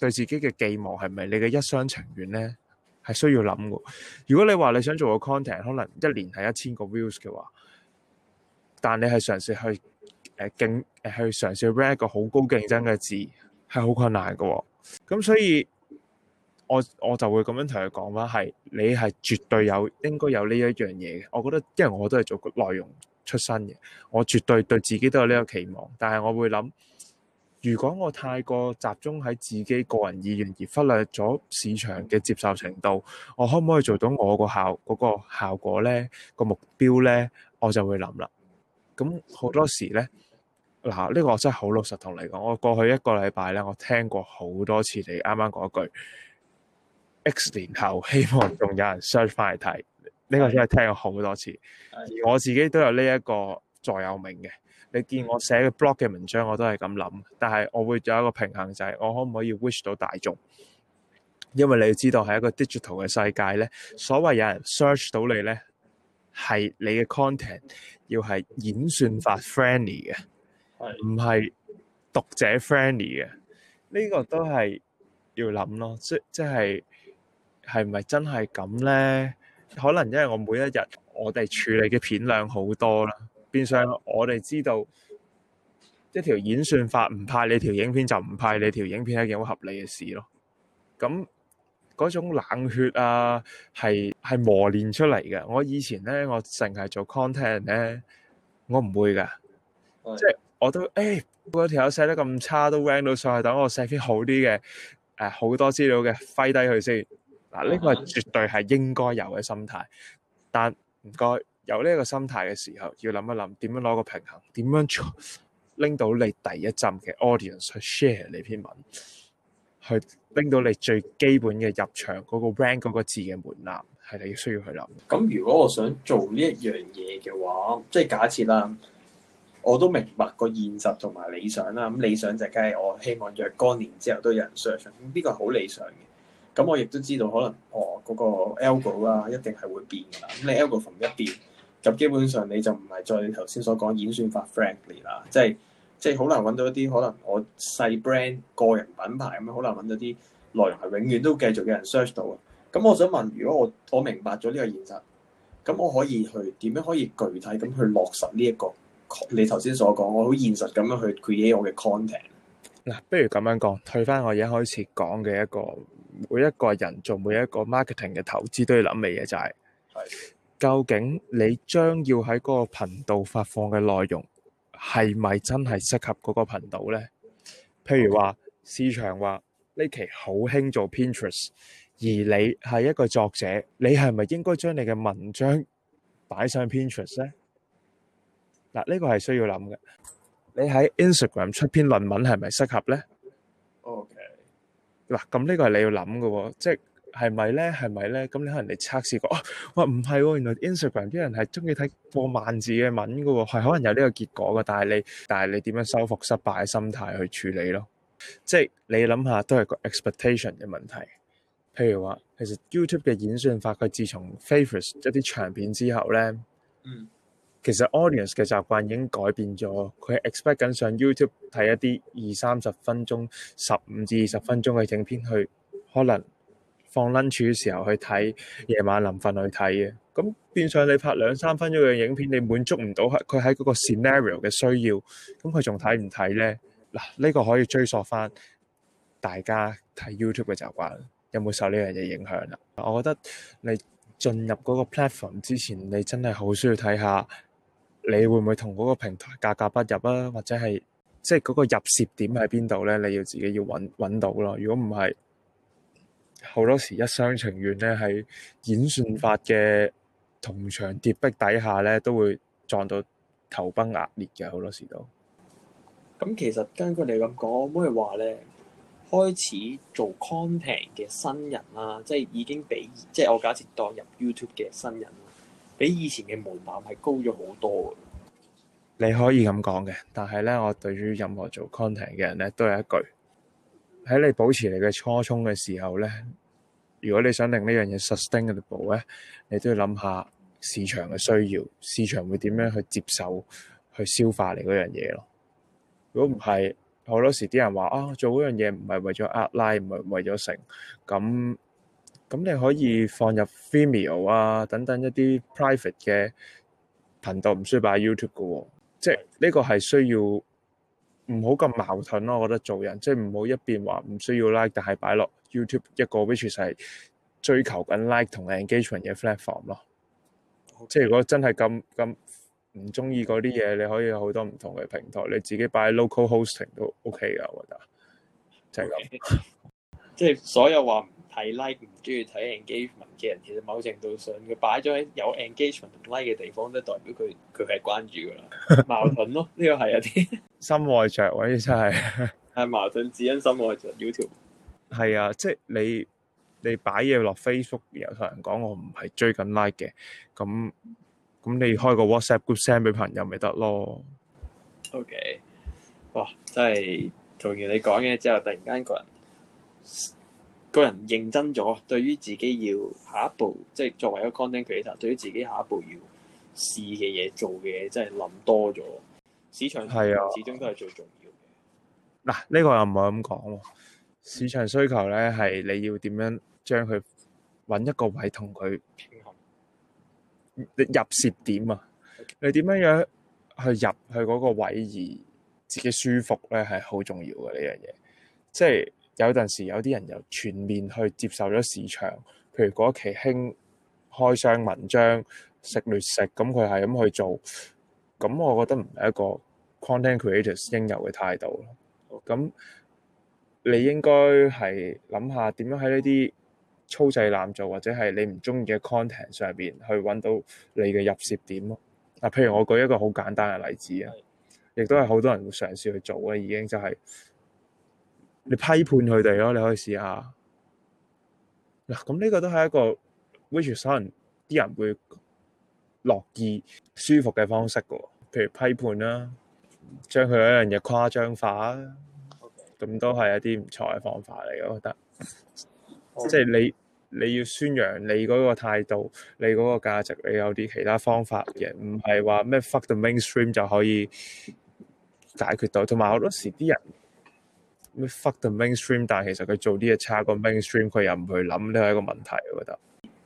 對自己嘅寄望係咪你嘅一廂情願呢？係需要諗嘅。如果你話你想做個 content，可能一年係一千個 views 嘅話，但你係嘗試去誒競、呃、去嘗試揀一個好高競爭嘅字，係好困難嘅。咁所以我我就會咁樣同佢講翻，係你係絕對有應該有呢一樣嘢嘅。我覺得，因為我都係做內容出身嘅，我絕對對自己都有呢個期望，但係我會諗。如果我太過集中喺自己個人意願，而忽略咗市場嘅接受程度，我可唔可以做到我個效、嗰個效嗰個效果呢？個目標呢，我就會諗啦。咁好多時呢，嗱、呢、呢個我真係好老實同你講，我過去一個禮拜呢，我聽過好多次你啱啱嗰句，X 年後希望仲有人 search 翻嚟睇，呢、呢個真係聽過好多次，而我自己都有呢一個座右銘嘅。你見我寫嘅 blog 嘅文章，我都係咁諗，但係我會有一個平衡，就係、是、我可唔可以 wish 到大眾？因為你知道係一個 digital 嘅世界咧，所謂有人 search 到你咧，係你嘅 content 要係演算法 friendly 嘅，唔係讀者 friendly 嘅。呢、這個都係要諗咯，即即係係咪真係咁咧？可能因為我每一日我哋處理嘅片量好多啦。變相我哋知道一條演算法唔派你條影片就唔派你條影片係一件好合理嘅事咯。咁嗰種冷血啊，係係磨練出嚟嘅。我以前咧，我淨係做 content 咧，我唔會噶，是的 即係我都誒嗰條友寫得咁差都 rank 到上去，等我寫篇好啲嘅誒好多資料嘅揮低佢先。嗱，呢個係絕對係應該有嘅心態，但唔該。有呢一個心態嘅時候，要諗一諗點樣攞個平衡，點樣拎到你第一陣嘅 audience 去 share 你篇文，去拎到你最基本嘅入場嗰個 rank 嗰個字嘅門檻，係你需要去諗。咁如果我想做呢一樣嘢嘅話，即係假設啦，我都明白個現實同埋理想啦。咁理想就梗係我希望若干年之後都有人 search 咁，呢個好理想嘅。咁我亦都知道可能哦，嗰個 algo 啦，一定係會變㗎啦。咁你 algo 從一變。咁基本上你就唔係再你頭先所講演算法 friendly 啦，就是，即係即係好難揾到一啲可能我細 brand 個人品牌咁樣好難揾到啲內容係永遠都繼續有人 search 到嘅。咁我想問，如果我我明白咗呢個現實，咁我可以去點樣可以具體咁去落實呢？這一個你頭先所講，我好現實咁樣去 create 我嘅 content。嗱、啊，不如咁樣講，退翻我而家開始講嘅一個每一個人做每一個 marketing 嘅投資都要諗嘅嘢就係、是。係。究竟你將要喺嗰個頻道發放嘅內容係咪真係適合嗰個頻道呢？譬如話 Okay. 市場話呢期好興做 Pinterest，而你係一個作者，你係咪應該將你嘅文章擺上 Pinterest 呢？嗱，呢個係需要諗嘅。你喺 Instagram 出篇論文係咪適合呢？OK。嗱，咁呢個係你要諗嘅喎，即係咪咧？係咪咧？咁你可能嚟測試過，哦、哇唔係喎，原來 Instagram 啲人係中意睇過萬字嘅文噶喎，係可能有呢個結果噶。但係你但係你點樣收復失敗嘅心態去處理咯？即係你諗下，都係個 expectation 嘅問題。譬如話，其實 YouTube 嘅演算法，佢自從 favourites 一啲長片之後咧，嗯，其實 audience 嘅習慣已經改變咗，佢 expect 緊上 YouTube 睇一啲二三十分鐘、十五至二十分鐘嘅影片去，可能。放 lunch 嘅時候去睇，夜晚臨瞓去睇嘅，咁變相你拍兩三分鐘嘅影片，你滿足唔到佢，佢喺嗰個 scenario 嘅需要，咁佢仲睇唔睇咧？嗱，呢個可以追溯翻大家睇 YouTube 嘅習慣，有冇受呢樣嘢影響啦？我覺得你進入嗰個 platform 之前，你真係好需要睇下，你會唔會同嗰個平台格格不入啊？或者係即係嗰個入攝點喺邊度咧？你要自己要揾揾到咯。如果唔係，好多時一廂情願咧，喺演算法嘅銅牆鐵壁底下咧，都會撞到頭崩額裂嘅。好多時都咁，其實根據你咁講，可以話咧，開始做 content 嘅新人啦、啊，即係已經比即係我假設當入 YouTube 嘅新人，比以前嘅門檻係高咗好多嘅。你可以咁講嘅，但係咧，我對於任何做 content 嘅人咧，都有一句。喺你保持你嘅初衷嘅時候咧，如果你想令呢樣嘢 sustainable 咧，你都要諗下市場嘅需要，市場會點樣去接受、去消化你嗰樣嘢咯。如果唔係，好多時啲人話啊，做嗰樣嘢唔係為咗壓拉，唔係為咗成。咁咁你可以放入 Vimeo 啊，等等一啲 private 嘅頻道，唔需要擺 YouTube 嘅喎。即係呢個係需要。唔好咁矛盾咯，我覺得做人即係唔好一邊話唔需要 like，但係擺落 YouTube 一個 which 就係追求緊 like 同 engagement 嘅 platform 咯。Okay. 即係如果真係咁咁唔中意啲嘢，Okay. 你可以有好多唔同嘅平台，你自己擺 local hosting 都 OK 噶，我覺得就係咁。Okay. (laughs) 即係所有話。係 like 唔中意睇 engagement 嘅人，其實某程度上佢擺咗喺有 engagement 同 like 嘅地方，都代表佢佢係關注噶啦。矛盾咯，呢個係一啲心愛著，或者真係係矛盾，只因心愛著 YouTube。係啊，即係你你擺嘢落 Facebook，然後同人講，我唔係追緊 like 嘅，咁咁你開個 WhatsApp group send 俾朋友咪得咯。OK，哇，真係做完你講嘢之後，突然間個人～個人認真咗，對於自己要下一步，即係作為一個 content creator，對於自己下一步要試嘅嘢、做嘅嘢，真係諗多咗。市場係啊，始終都係最重要嘅。嗱、啊，呢、啊呢個又唔係咁講喎。市場需求咧，係你要點樣將佢搵一個位同佢平衡。你入攝點啊？你點樣樣去入去嗰個位而自己舒服咧，係好重要嘅呢樣嘢。即係。有陣時有啲人又全面去接受咗市場，譬如嗰期興開箱文章食劣食，咁佢係咁去做，咁我覺得唔係一個 content creators 應有嘅態度咯。咁你應該係諗下點樣喺呢啲粗製濫造，或者係你唔中意嘅 content 上邊去揾到你嘅入蝕點咯。嗱，譬如我舉一個好簡單嘅例子啊，亦都係好多人會嘗試去做嘅，已經就係。你批判佢哋咯，你可以試下嗱，咁呢個都係一個 which 可能啲人會樂意舒服嘅方式嘅喎，譬如批判啦，將佢一樣嘢誇張化啊，咁 Okay. 都係一啲唔錯嘅方法嚟，我覺得。即係 Okay. 你你要宣揚你嗰個態度，你嗰個價值，你有啲其他方法嘅，唔係話咩 fuck the mainstream 就可以解決到，同埋好多時啲人。乜 fuck the mainstream，但係其實佢做啲嘢差過 mainstream，佢又唔去諗，呢係一個問題，我覺得。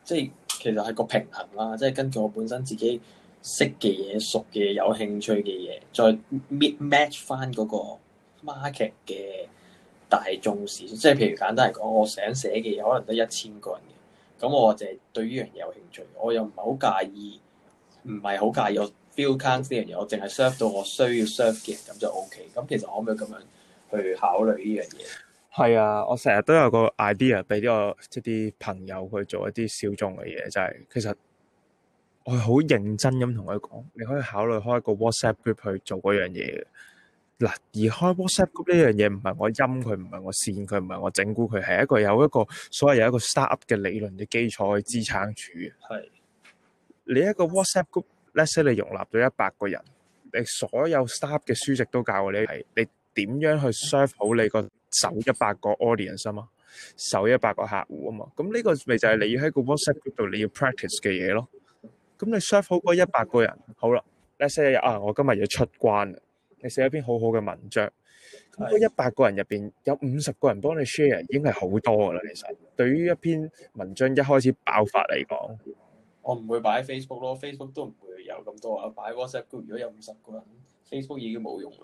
即係其實係個平衡啦，即係根據我本身自己識嘅嘢、熟嘅、有興趣嘅嘢，再 match 翻嗰個 market 嘅大眾先。即係譬如簡單嚟講，我想寫嘅嘢可能得一千個人嘅，咁我就對呢樣嘢有興趣，我又唔係好介意，唔係好介意我 feel count 呢樣嘢，我淨係 serve 到我需要 serve 嘅，咁就 O、OK、K。咁其實我可唔可以咁樣？去考慮呢樣嘢係啊，我成日都有個 idea 俾呢個即啲朋友去做一啲小眾嘅嘢，就係、是、其實我好認真咁同佢講，你可以考慮開一個 WhatsApp group 去做嗰樣嘢嘅嗱。而開 WhatsApp group 呢樣嘢唔係我陰佢，唔係我煽佢，唔係我整蠱佢，係一個有一個所謂有一個 startup 嘅理論嘅基礎去支撐住嘅。係你一個 WhatsApp group，假設你容納咗一百個人，你所有 startup 嘅書籍都教你係你。你點樣去 serve 好你個首一百個 audience 啊嘛，首一百個客戶啊嘛，咁呢個咪就係你要喺個 WhatsApp 度你要 practice 嘅嘢咯。咁你 serve 好嗰一百個人，好啦，let's say 啊，我今日要出關你寫一篇好好嘅文章。咁嗰一百個人入邊有五十個人幫你 share，已經係好多噶啦。其實對於一篇文章一開始爆發嚟講，我唔會擺喺 Facebook 咯，Facebook 都唔會有咁多啊。擺 WhatsApp group 如果有五十個人，Facebook 已經冇用啦。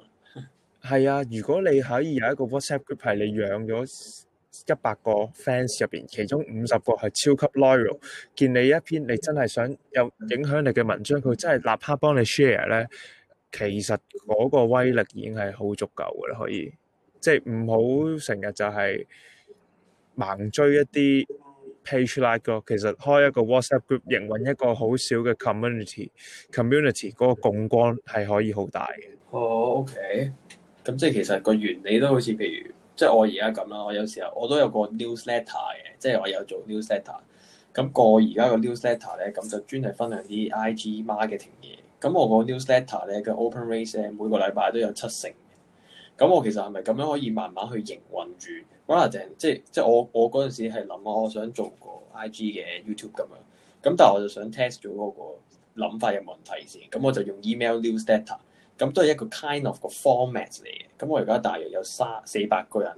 係啊，如果你可以有一個 WhatsApp group 係你養咗一百個 fans 入邊，其中五十個係超級 loyal，見你一篇你真係想有影響力嘅文章，佢真係立刻幫你 share 咧。其實嗰個威力已經係好足夠嘅啦，可以即係唔好成日就係、是、盲追一啲 page like 咯。其實開一個 WhatsApp group，營運一個好少嘅 community community 嗰個槓桿係可以好大嘅。好、oh, OK。咁即係其實個原理都好似譬如，即係我而家咁啦。我有時候我都有個 news letter 嘅，即係我有做 news letter, new letter。咁個而家個 news letter 咧，咁就專係分享啲 IG marketing 嘢。咁我個 news letter 咧嘅 open rate 咧，每個禮拜都有七成。咁我其實係咪咁樣可以慢慢去營運住 v a l 即係即係我我嗰陣時係諗我想做個 I G 嘅 YouTube 咁樣。咁但係我就想 test 咗嗰個諗法有問題先。咁我就用 email news letter。咁都係一個 kind of 個 format 嚟嘅。咁我而家大約有三四百個人，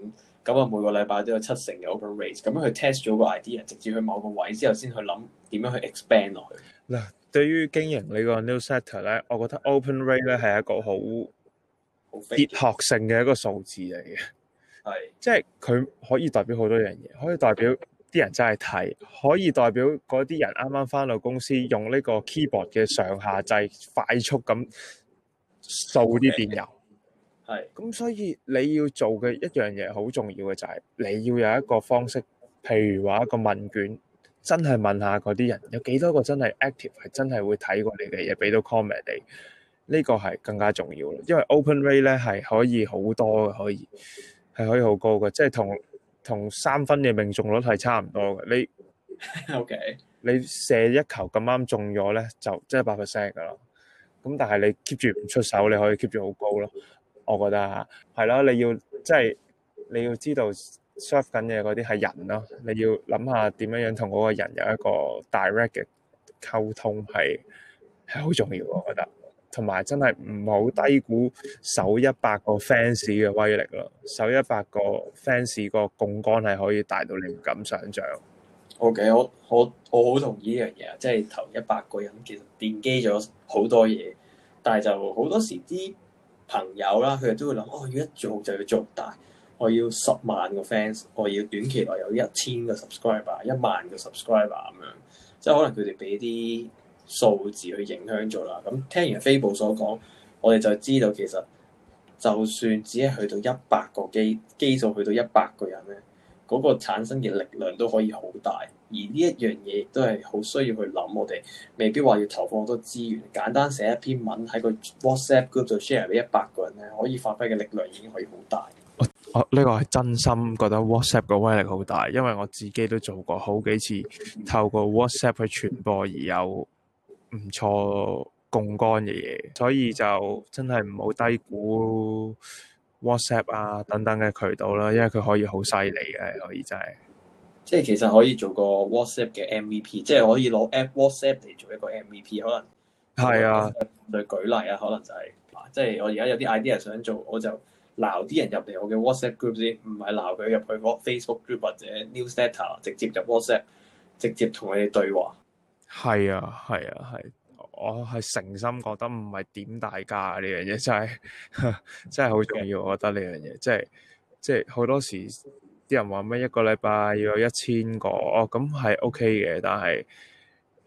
咁啊每個禮拜都有七成嘅 open rate。咁樣佢 test 咗個 idea，直接去某個位之後，先去諗點樣去 expand 落去嗱。對於經營呢個 new sector 咧，我覺得 open rate 咧係一個好哲學性嘅一個數字嚟嘅，係即係佢可以代表好多樣嘢，可以代表啲人真係睇，可以代表嗰啲人啱啱返到公司用呢個 keyboard 嘅上下掣快速咁，數啲電郵，係咁，所以你要做嘅一樣嘢好重要嘅就係你要有一個方式，譬如話一個問卷，真係問下嗰啲人有幾多個真係 active 係真係會睇過你嘅嘢，俾到 comment 你，呢個係更加重要咯。因為 open rate 咧係可以好多嘅，可以係可以好高嘅，即係同同三分嘅命中率係差唔多嘅。你你射一球咁啱中咗咧，就即係百 percent 噶啦。咁但係你 keep 住唔出手，你可以 keep 住好高咯。我覺得嚇，係咯，你要即係你要知道 serve 緊嘅嗰啲係人咯，你要諗下點樣樣同嗰個人有一個 direct 嘅溝通係係好重要。我覺得，同埋真係唔好低估首一百個 fans 嘅威力咯。首一百個 fans 個槓桿係可以大到你唔敢想象。OK，我我我好同意呢樣嘢啊！即係頭一百個人，其實奠基咗好多嘢，但係就好多時啲朋友啦，佢哋都會諗：哦，要一做就要做大，我要十萬個 fans，我要短期內有一千個 subscriber，一萬個 subscriber 咁樣，即係可能佢哋俾啲數字去影響咗啦。咁聽完飛布所講，我哋就知道其實就算只係去到一百個基基數，去到一百個人咧。嗰個產生嘅力量都可以好大，而呢一樣嘢亦都係好需要去諗。我哋未必話要投放好多資源，簡單寫一篇文喺個 WhatsApp 度 share 俾一百個人咧，可以發揮嘅力量已經可以好大。我我呢個係真心覺得 WhatsApp 嘅威力好大，因為我自己都做過好幾次透過 WhatsApp 去傳播而有唔錯槓桿嘅嘢，所以就真係唔好低估。WhatsApp 啊，等等嘅渠道啦，因為佢可以好犀利嘅，可以真係，即係其實可以做個 WhatsApp 嘅 MVP，即係可以攞 App WhatsApp 嚟做一個 MVP，可能係啊，嚟舉例啊，可能就係，嗱，即係我而家有啲 idea 想做，我就鬧啲人入嚟我嘅 WhatsApp group 先，唔係鬧佢入去個 Facebook group 或者 Newsletter 直接入 WhatsApp，直接同佢哋對話，係啊，係啊，係、啊。我係誠心覺得唔係點大家呢樣嘢，真係 (laughs) 真係好重要。我覺得呢樣嘢，即係即係好多時啲人話咩一個禮拜要有一千個，哦咁係 OK 嘅。但係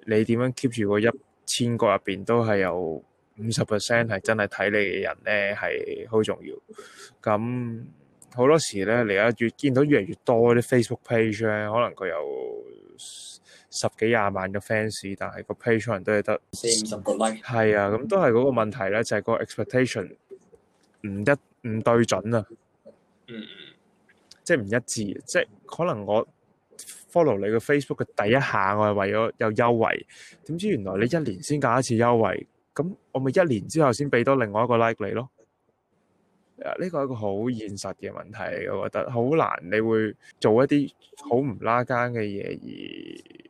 你點樣 keep 住個一千個入邊都係有五十 percent 係真係睇你嘅人咧，係好重要。咁好多時咧，你而家越見到越嚟越多啲 Facebook page 咧，可能佢有，十幾廿萬嘅 fans，但係個 Patreon 都係得四五十個 like。係啊，咁都係嗰個問題咧，就係個 expectation 唔一唔對準啊。嗯，即係唔一致，即係可能我 follow 你個 Facebook 嘅第一下，我係為咗有優惠，點知原來你一年先搞一次優惠，咁我咪一年之後先俾多另外一個 like 你咯。誒，呢個係一個好現實嘅問題，我覺得好難。你會做一啲好唔拉更嘅嘢而～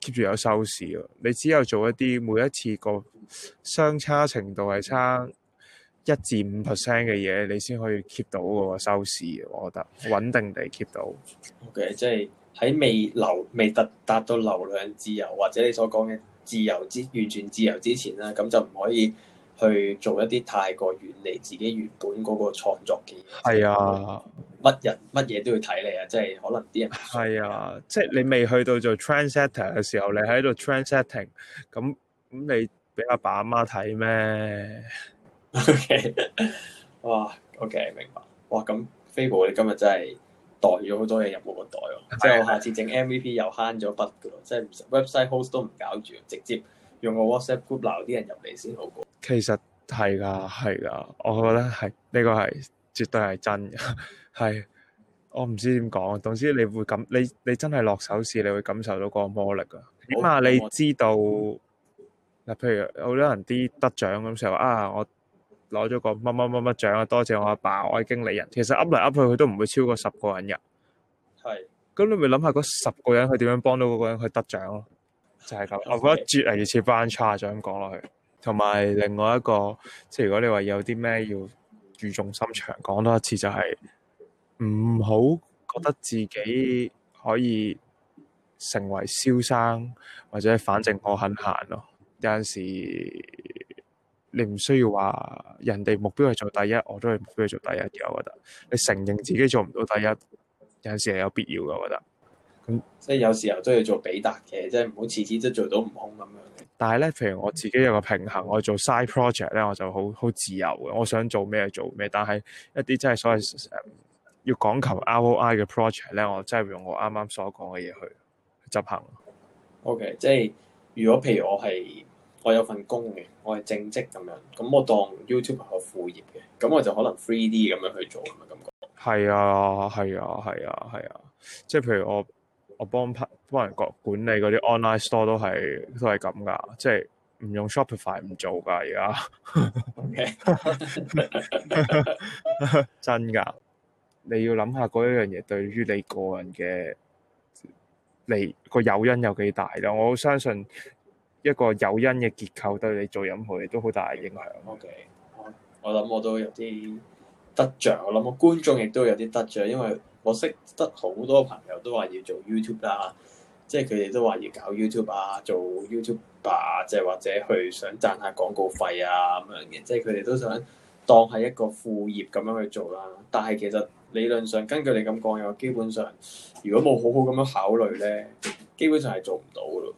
keep 住有收視喎，你只有做一啲每一次個相差程度係差一至五 percent 嘅嘢，你先可以 keep 到個收視。我覺得穩定地 keep 到。OK，即係喺未流未達達到流量自由或者你所講嘅自由之完全自由之前咧，咁就唔可以去做一啲太過遠離自己原本嗰個創作嘅嘢。係啊。乜人乜嘢都要睇你啊！即係可能啲人係啊，即係你未去到做 trendsetter 嘅時候，你喺度 trendsetting，咁咁你俾阿爸阿媽睇咩？OK，哇，OK，明白。哇，咁 Facebook 你今日真係袋咗好多嘢入我個袋哦！啊、即係我下次整 MVP 又慳咗筆噶，即係 website host 都唔搞住，直接用個 WhatsApp group 撈啲人入嚟先好過。其實係噶，係噶，我覺得係呢、這個係。絕對係真嘅，係 (laughs) 我唔知點講。總之你會感，你你真係落手試，你會感受到嗰個魔力㗎！起碼好你知道嗱，譬如好多人啲得獎咁時候啊，我攞咗個乜乜乜乜獎啊，多謝我阿爸，爸，我係經理人。其實噏嚟噏去，佢都唔會超過十個人嘅。係是。咁你咪諗下嗰十個人佢點樣幫到嗰個人去得獎咯？就係、是、咁。我覺得絕嚟似翻差就咁講落去。同埋另外一個，即、就、係、是、如果你話有啲咩要。語重心長講多一次就係、是、唔好覺得自己可以成為蕭生，或者反正我很閒咯。有陣時你唔需要話人哋目標係做第一，我都係目標係做第一嘅。我覺得你承認自己做唔到第一，有陣時係有必要嘅。我覺得咁即係有時候都要做比達嘅，即係唔好次次都做到悟空咁樣。但係咧，譬如我自己有個平衡，我做 side project 咧，我就好好自由嘅，我想做咩做咩。但係一啲真係所謂要講求 ROI 嘅 project 咧，我真係用我啱啱所講嘅嘢去執行。O.K. 即係如果譬如我係我有份工嘅，我係正職咁樣，咁我當 YouTube 係副業嘅，咁我就可能 free D 咁樣去做咁嘅感覺。係啊，係啊，係啊，係啊，啊，即係譬如我我幫幫人管管理嗰啲 online store 都係都係咁噶，即係唔用 Shopify 唔做噶。而家 (laughs) Okay. (laughs) (laughs) 真噶，你要諗下嗰一樣嘢對於你個人嘅你個誘因有幾大咧？我好相信一個誘因嘅結構對你做任何嘢都好大影響。O、okay. K，我我諗我都有啲得着，我諗我，我，我觀眾亦都有啲得着，因為我識得好多朋友都話要做 YouTube 啦。即係佢哋都話要搞 YouTube 啊，做 YouTuber 啊，即係或者去想賺下廣告費啊咁樣嘅。即係佢哋都想當係一個副業咁樣去做啦。但係其實理論上，根據你咁講嘅話，基本上如果冇好好咁樣考慮咧，基本上係做唔到嘅咯。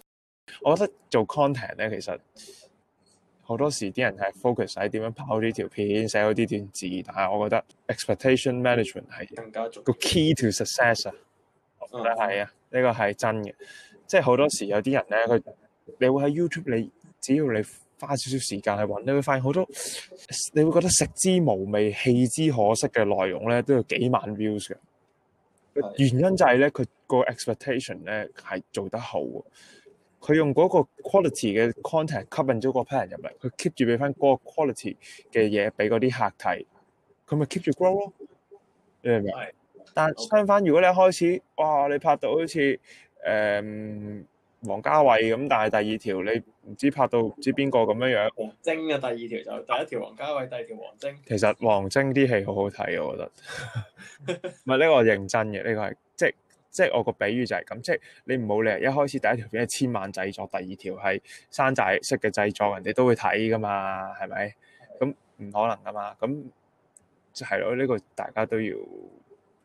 我覺得做 content 咧，其實好多時啲人係 focus 喺點樣拍好呢條片、寫好啲段字，但係我覺得 expectation management 係更加係個 key to success 我覺得啊，都係啊。Huh. 呢個係真嘅，即係好多時有啲人咧，佢你會喺 YouTube，你只要你花少少時間去揾，你會發現好多，你會覺得食之無味棄之可惜嘅內容咧，都有幾萬 views 嘅。原因就係咧，佢個 expectation 咧係做得好，佢用嗰個 quality 嘅 content 吸引咗個 person 入嚟，佢 keep 住俾翻嗰個 quality 嘅嘢俾嗰啲客睇，佢咪 keep 住 grow 咯，你明唔明？但相反，如果你一開始，哇，你拍到好似誒王家衛咁，但係第二條你唔知拍到唔知邊個咁樣樣。王晶啊，第二條就第一條王家衛，第二條王晶。其實王晶啲戲好好睇，我覺得。唔係呢個認真嘅，呢個係即係即係我個比喻就係咁，即係你唔好理一開始第一條片係千萬製作，第二條係山寨式嘅製作，人哋都會睇㗎嘛，係咪？咁唔可能㗎嘛，咁就係咯。呢個大家都要。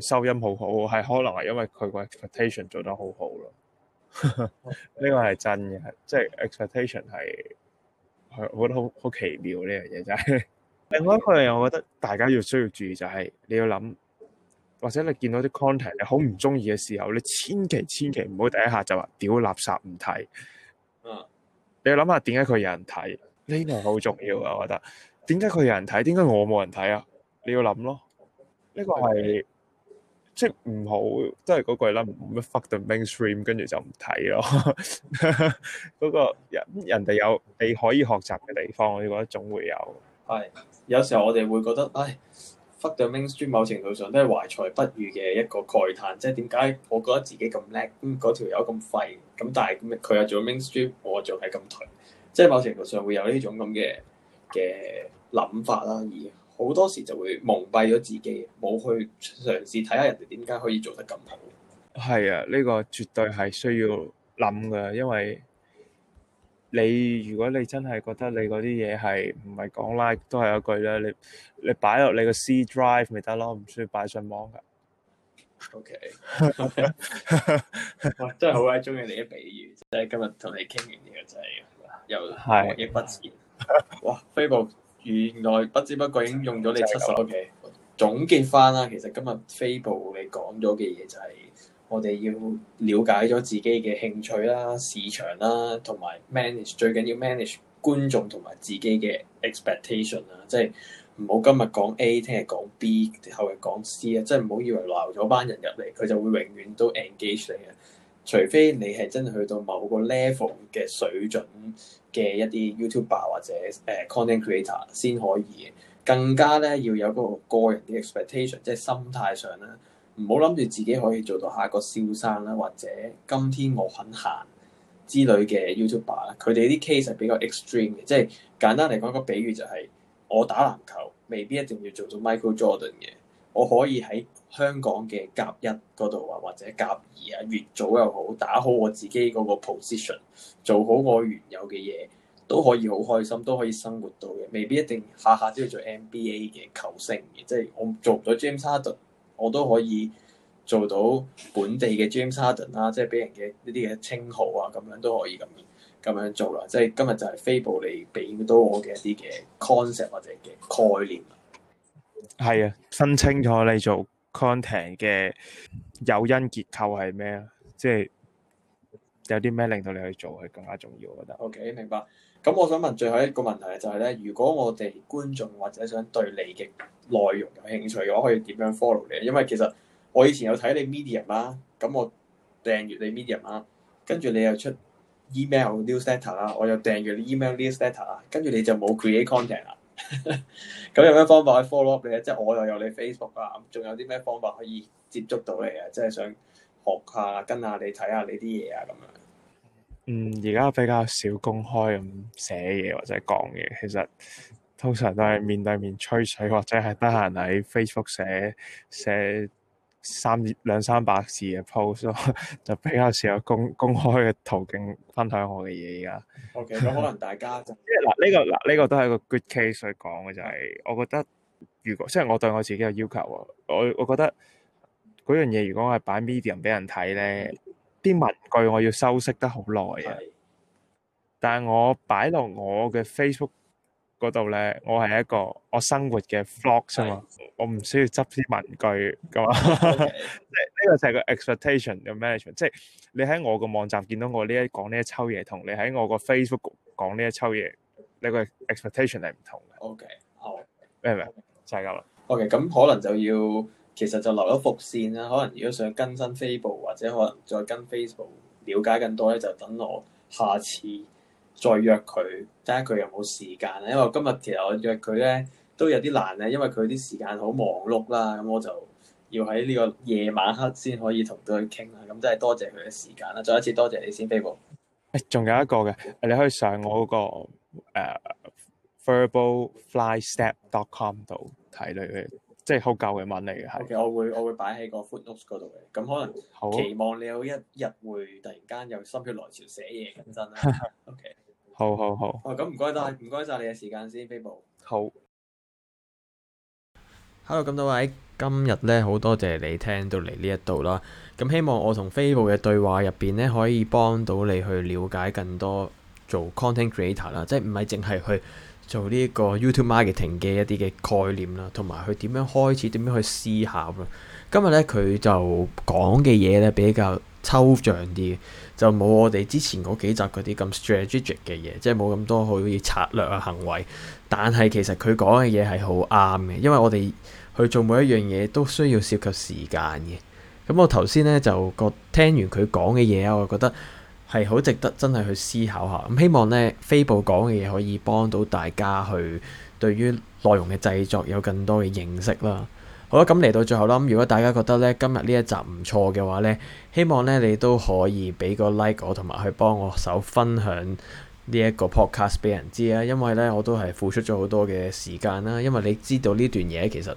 收音好好，係可能係因為佢個 expectation 做得好好咯。呢 (laughs) 個係真嘅，即係 expectation 係係我覺得好好奇妙呢樣嘢，就係 (laughs) 另外一個我覺得大家要需要注意就係、是、你要諗，或者你見到啲 content 你好唔中意嘅時候，你千祈千祈唔好第一下就話屌垃圾唔睇。嗯、啊，你要諗下點解佢有人睇呢 (laughs) 個好重要啊！我覺得點解佢有人睇，點解我冇人睇啊？你要諗咯，呢、這個係。即係唔好，即係嗰句啦，乜 fuck the mainstream，跟住就唔睇咯。嗰、 (laughs) 嗰個人人哋有你可以學習嘅地方，我覺得總會有。係有時候我哋會覺得，唉，fuck the mainstream，某程度上都係懷才不遇嘅一個慨嘆。即係點解我覺得自己咁叻，咁嗰條友咁廢，咁但係佢又做 mainstream，我做係咁頹。即係某程度上會有呢種咁嘅嘅諗法啦而。好多時就會蒙蔽咗自己，冇去嘗試睇下人哋點解可以做得咁好。係啊，呢個絕對係需要諗嘅，因為你如果你真係覺得你嗰啲嘢係唔係講 like，都係一句啦，你你擺落你個 C drive 咪得咯，唔需要擺上網嘅。OK， (laughs) 真係好鬼中意你嘅比喻，即係今日同你傾完嘢就係又忘記不前。是的 (laughs) 哇 f 原來不知不覺已經用咗你七十 K。總結翻啦，其實今日飛步你講咗嘅嘢就係，我哋要了解咗自己嘅興趣啦、市場啦，同埋 manage，最緊要 manage 觀眾同埋自己嘅 expectation 啦。即係唔好今日講 A，聽日講 B，後日講 C 啊，即係唔好以為撈咗班人入嚟，佢就會永遠都 engage 你嘅。除非你係真係去到某個 level 嘅水準嘅一啲 YouTuber 或者誒、uh, content creator 先可以更加咧要有嗰個個人嘅 expectation，即係心態上啦，唔好諗住自己可以做到下個蕭生啦，或者「今天我肯行」之類嘅 YouTuber 啦，佢哋啲 case 係比較 extreme 嘅，即係簡單嚟講個比喻就係我打籃球未必一定要做到 Michael Jordan 嘅，我可以喺香港嘅甲一嗰度啊，或者甲二啊，乙組又好，打好我自己嗰個 position，做好我原有嘅嘢，都可以好開心，都可以生活到嘅。未必一定下下都要做 NBA 嘅球星嘅，即係我做唔到 James Harden，我都可以做到本地嘅 James Harden 啦，即係俾人嘅呢啲嘅稱號啊，咁樣都可以咁咁樣做啦。即係今日就係飛布嚟俾到我嘅一啲嘅 concept 或者嘅概念。係啊，分清楚你做。Content 嘅誘因結構係咩啊？即係有啲咩令到你去做係更加重要？我覺得。OK，明白。咁我想問最後一個問題就係、是、咧，如果我哋觀眾或者想對你嘅內容有興趣嘅話，可以點樣 follow 你？因為其實我以前有睇你 Medium 啦，咁我訂閱你 Medium 啦，跟住你又出 email newsletter 啦，我又訂閱 email newsletter 啦，跟住你就冇 create content 啦。咁有咩方法去 follow up 你咧？即係我又有你 Facebook 啊，咁仲有啲咩方法可以接觸到你啊？即係想學下、跟下你、睇下你啲嘢啊，咁樣。嗯，而家比較少公開咁寫嘢或者講嘢，其實通常都係面對面吹水，或者係得閒喺 Facebook 寫寫。三兩三百字嘅 post 就比較少有公公開嘅途徑分享我嘅嘢而家。OK，可能大家就即係嗱呢個嗱呢個都係一個 good case 所以講嘅就係、是，我覺得如果即係我對我自己嘅要求啊，我我覺得嗰樣嘢如果我係擺 medium 俾人睇咧，啲、mm hmm. 文句我要修飾得好耐啊。Mm hmm. 但係我擺落我嘅 Facebook。嗰度咧，我係一個我生活嘅 vlog 㗎嘛，的我唔需要執啲文具㗎嘛，即係呢個就係個 expectation 嘅 management。即係你喺我個網站見到我呢一講呢一抽嘢同你喺我個 Facebook 講呢一抽嘢，你個 expectation 係唔同嘅。OK，好，咩咩 Okay.，明唔明？就係咁啦。OK，咁可能就要其實就留咗伏線啦。可能如果想更新 Facebook 或者可能再跟 Facebook 了解更多咧，就等我下次。再約佢，睇下佢有冇時間啊。因為今日其實我約佢咧都有啲難咧，因為佢啲時間好忙碌啦，咁我就要喺呢個夜晚黑先可以同佢傾啦。咁真係多謝佢嘅時間啦。再一次多謝你先飛步。仲有一個嘅，你可以上我嗰個、uh, verbalflystep.com 度睇你嘅，即係好舊嘅文嚟嘅，係 Okay, 是。Okay 我會我會擺喺個 footnotes 度嘅，咁可能期望你有一日會突然間有心血來潮寫嘢咁身。啦。 (laughs) okay. 好好好。哦，咁唔該晒，唔該晒你嘅時間先，飛布。好。Hello，咁多位，今日呢好多謝你聽到嚟呢一度啦。咁希望我同飛布嘅對話入邊呢，可以幫到你去了解更多做 content creator 啦，即係唔係淨係去做呢個 YouTube marketing 嘅一啲嘅概念啦，同埋去點樣開始，點樣去思考啦。今日呢，佢就講嘅嘢呢，比較抽象啲。就冇我哋之前嗰幾集嗰啲咁 strategic 嘅嘢，即係冇咁多可以策略嘅行為。但係其實，佢講嘅嘢係好啱嘅，因為我哋去做每一樣嘢都需要涉及時間嘅。咁我頭先呢，就覺聽完佢講嘅嘢啊，我覺得係好值得真係去思考下。咁希望呢飛布講嘅嘢可以幫到大家去對於內容嘅製作有更多嘅認識啦。好啦，咁嚟到最後啦，咁如果大家覺得咧今日呢一集唔錯嘅話咧，希望咧你都可以俾個 like 我，同埋去幫我手分享呢一個 podcast 俾人知啊，因為咧我都係付出咗好多嘅時間啦，因為你知道呢段嘢其實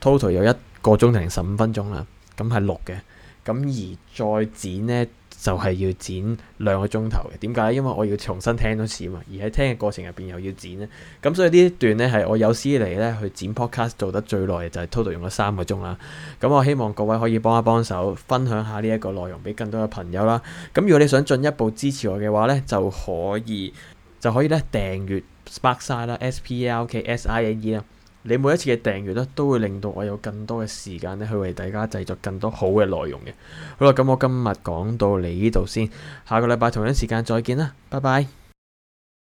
total 有一個鐘頭零十五分鐘啦，咁係錄嘅，咁而再剪呢。就係要剪兩個鐘頭嘅，點解？因為我要重新聽多次啊嘛，而喺聽嘅過程入邊又要剪咧，咁所以呢一段咧係我有史以嚟咧去剪 podcast 做得最耐嘅，就係、是、total 用咗三個鐘啦。咁我希望各位可以幫一幫手，分享下呢一個內容俾更多嘅朋友啦。咁如果你想進一步支持我嘅話咧，就可以就可以咧訂閱 Sparkside 啦，S P L K S I N E 啦。你每一次嘅訂閱咧，都會令到我有更多嘅時間咧，去為大家製作更多好嘅內容嘅。好啦，咁我今日講到嚟呢度先，下個禮拜同樣時間再見啦，拜拜。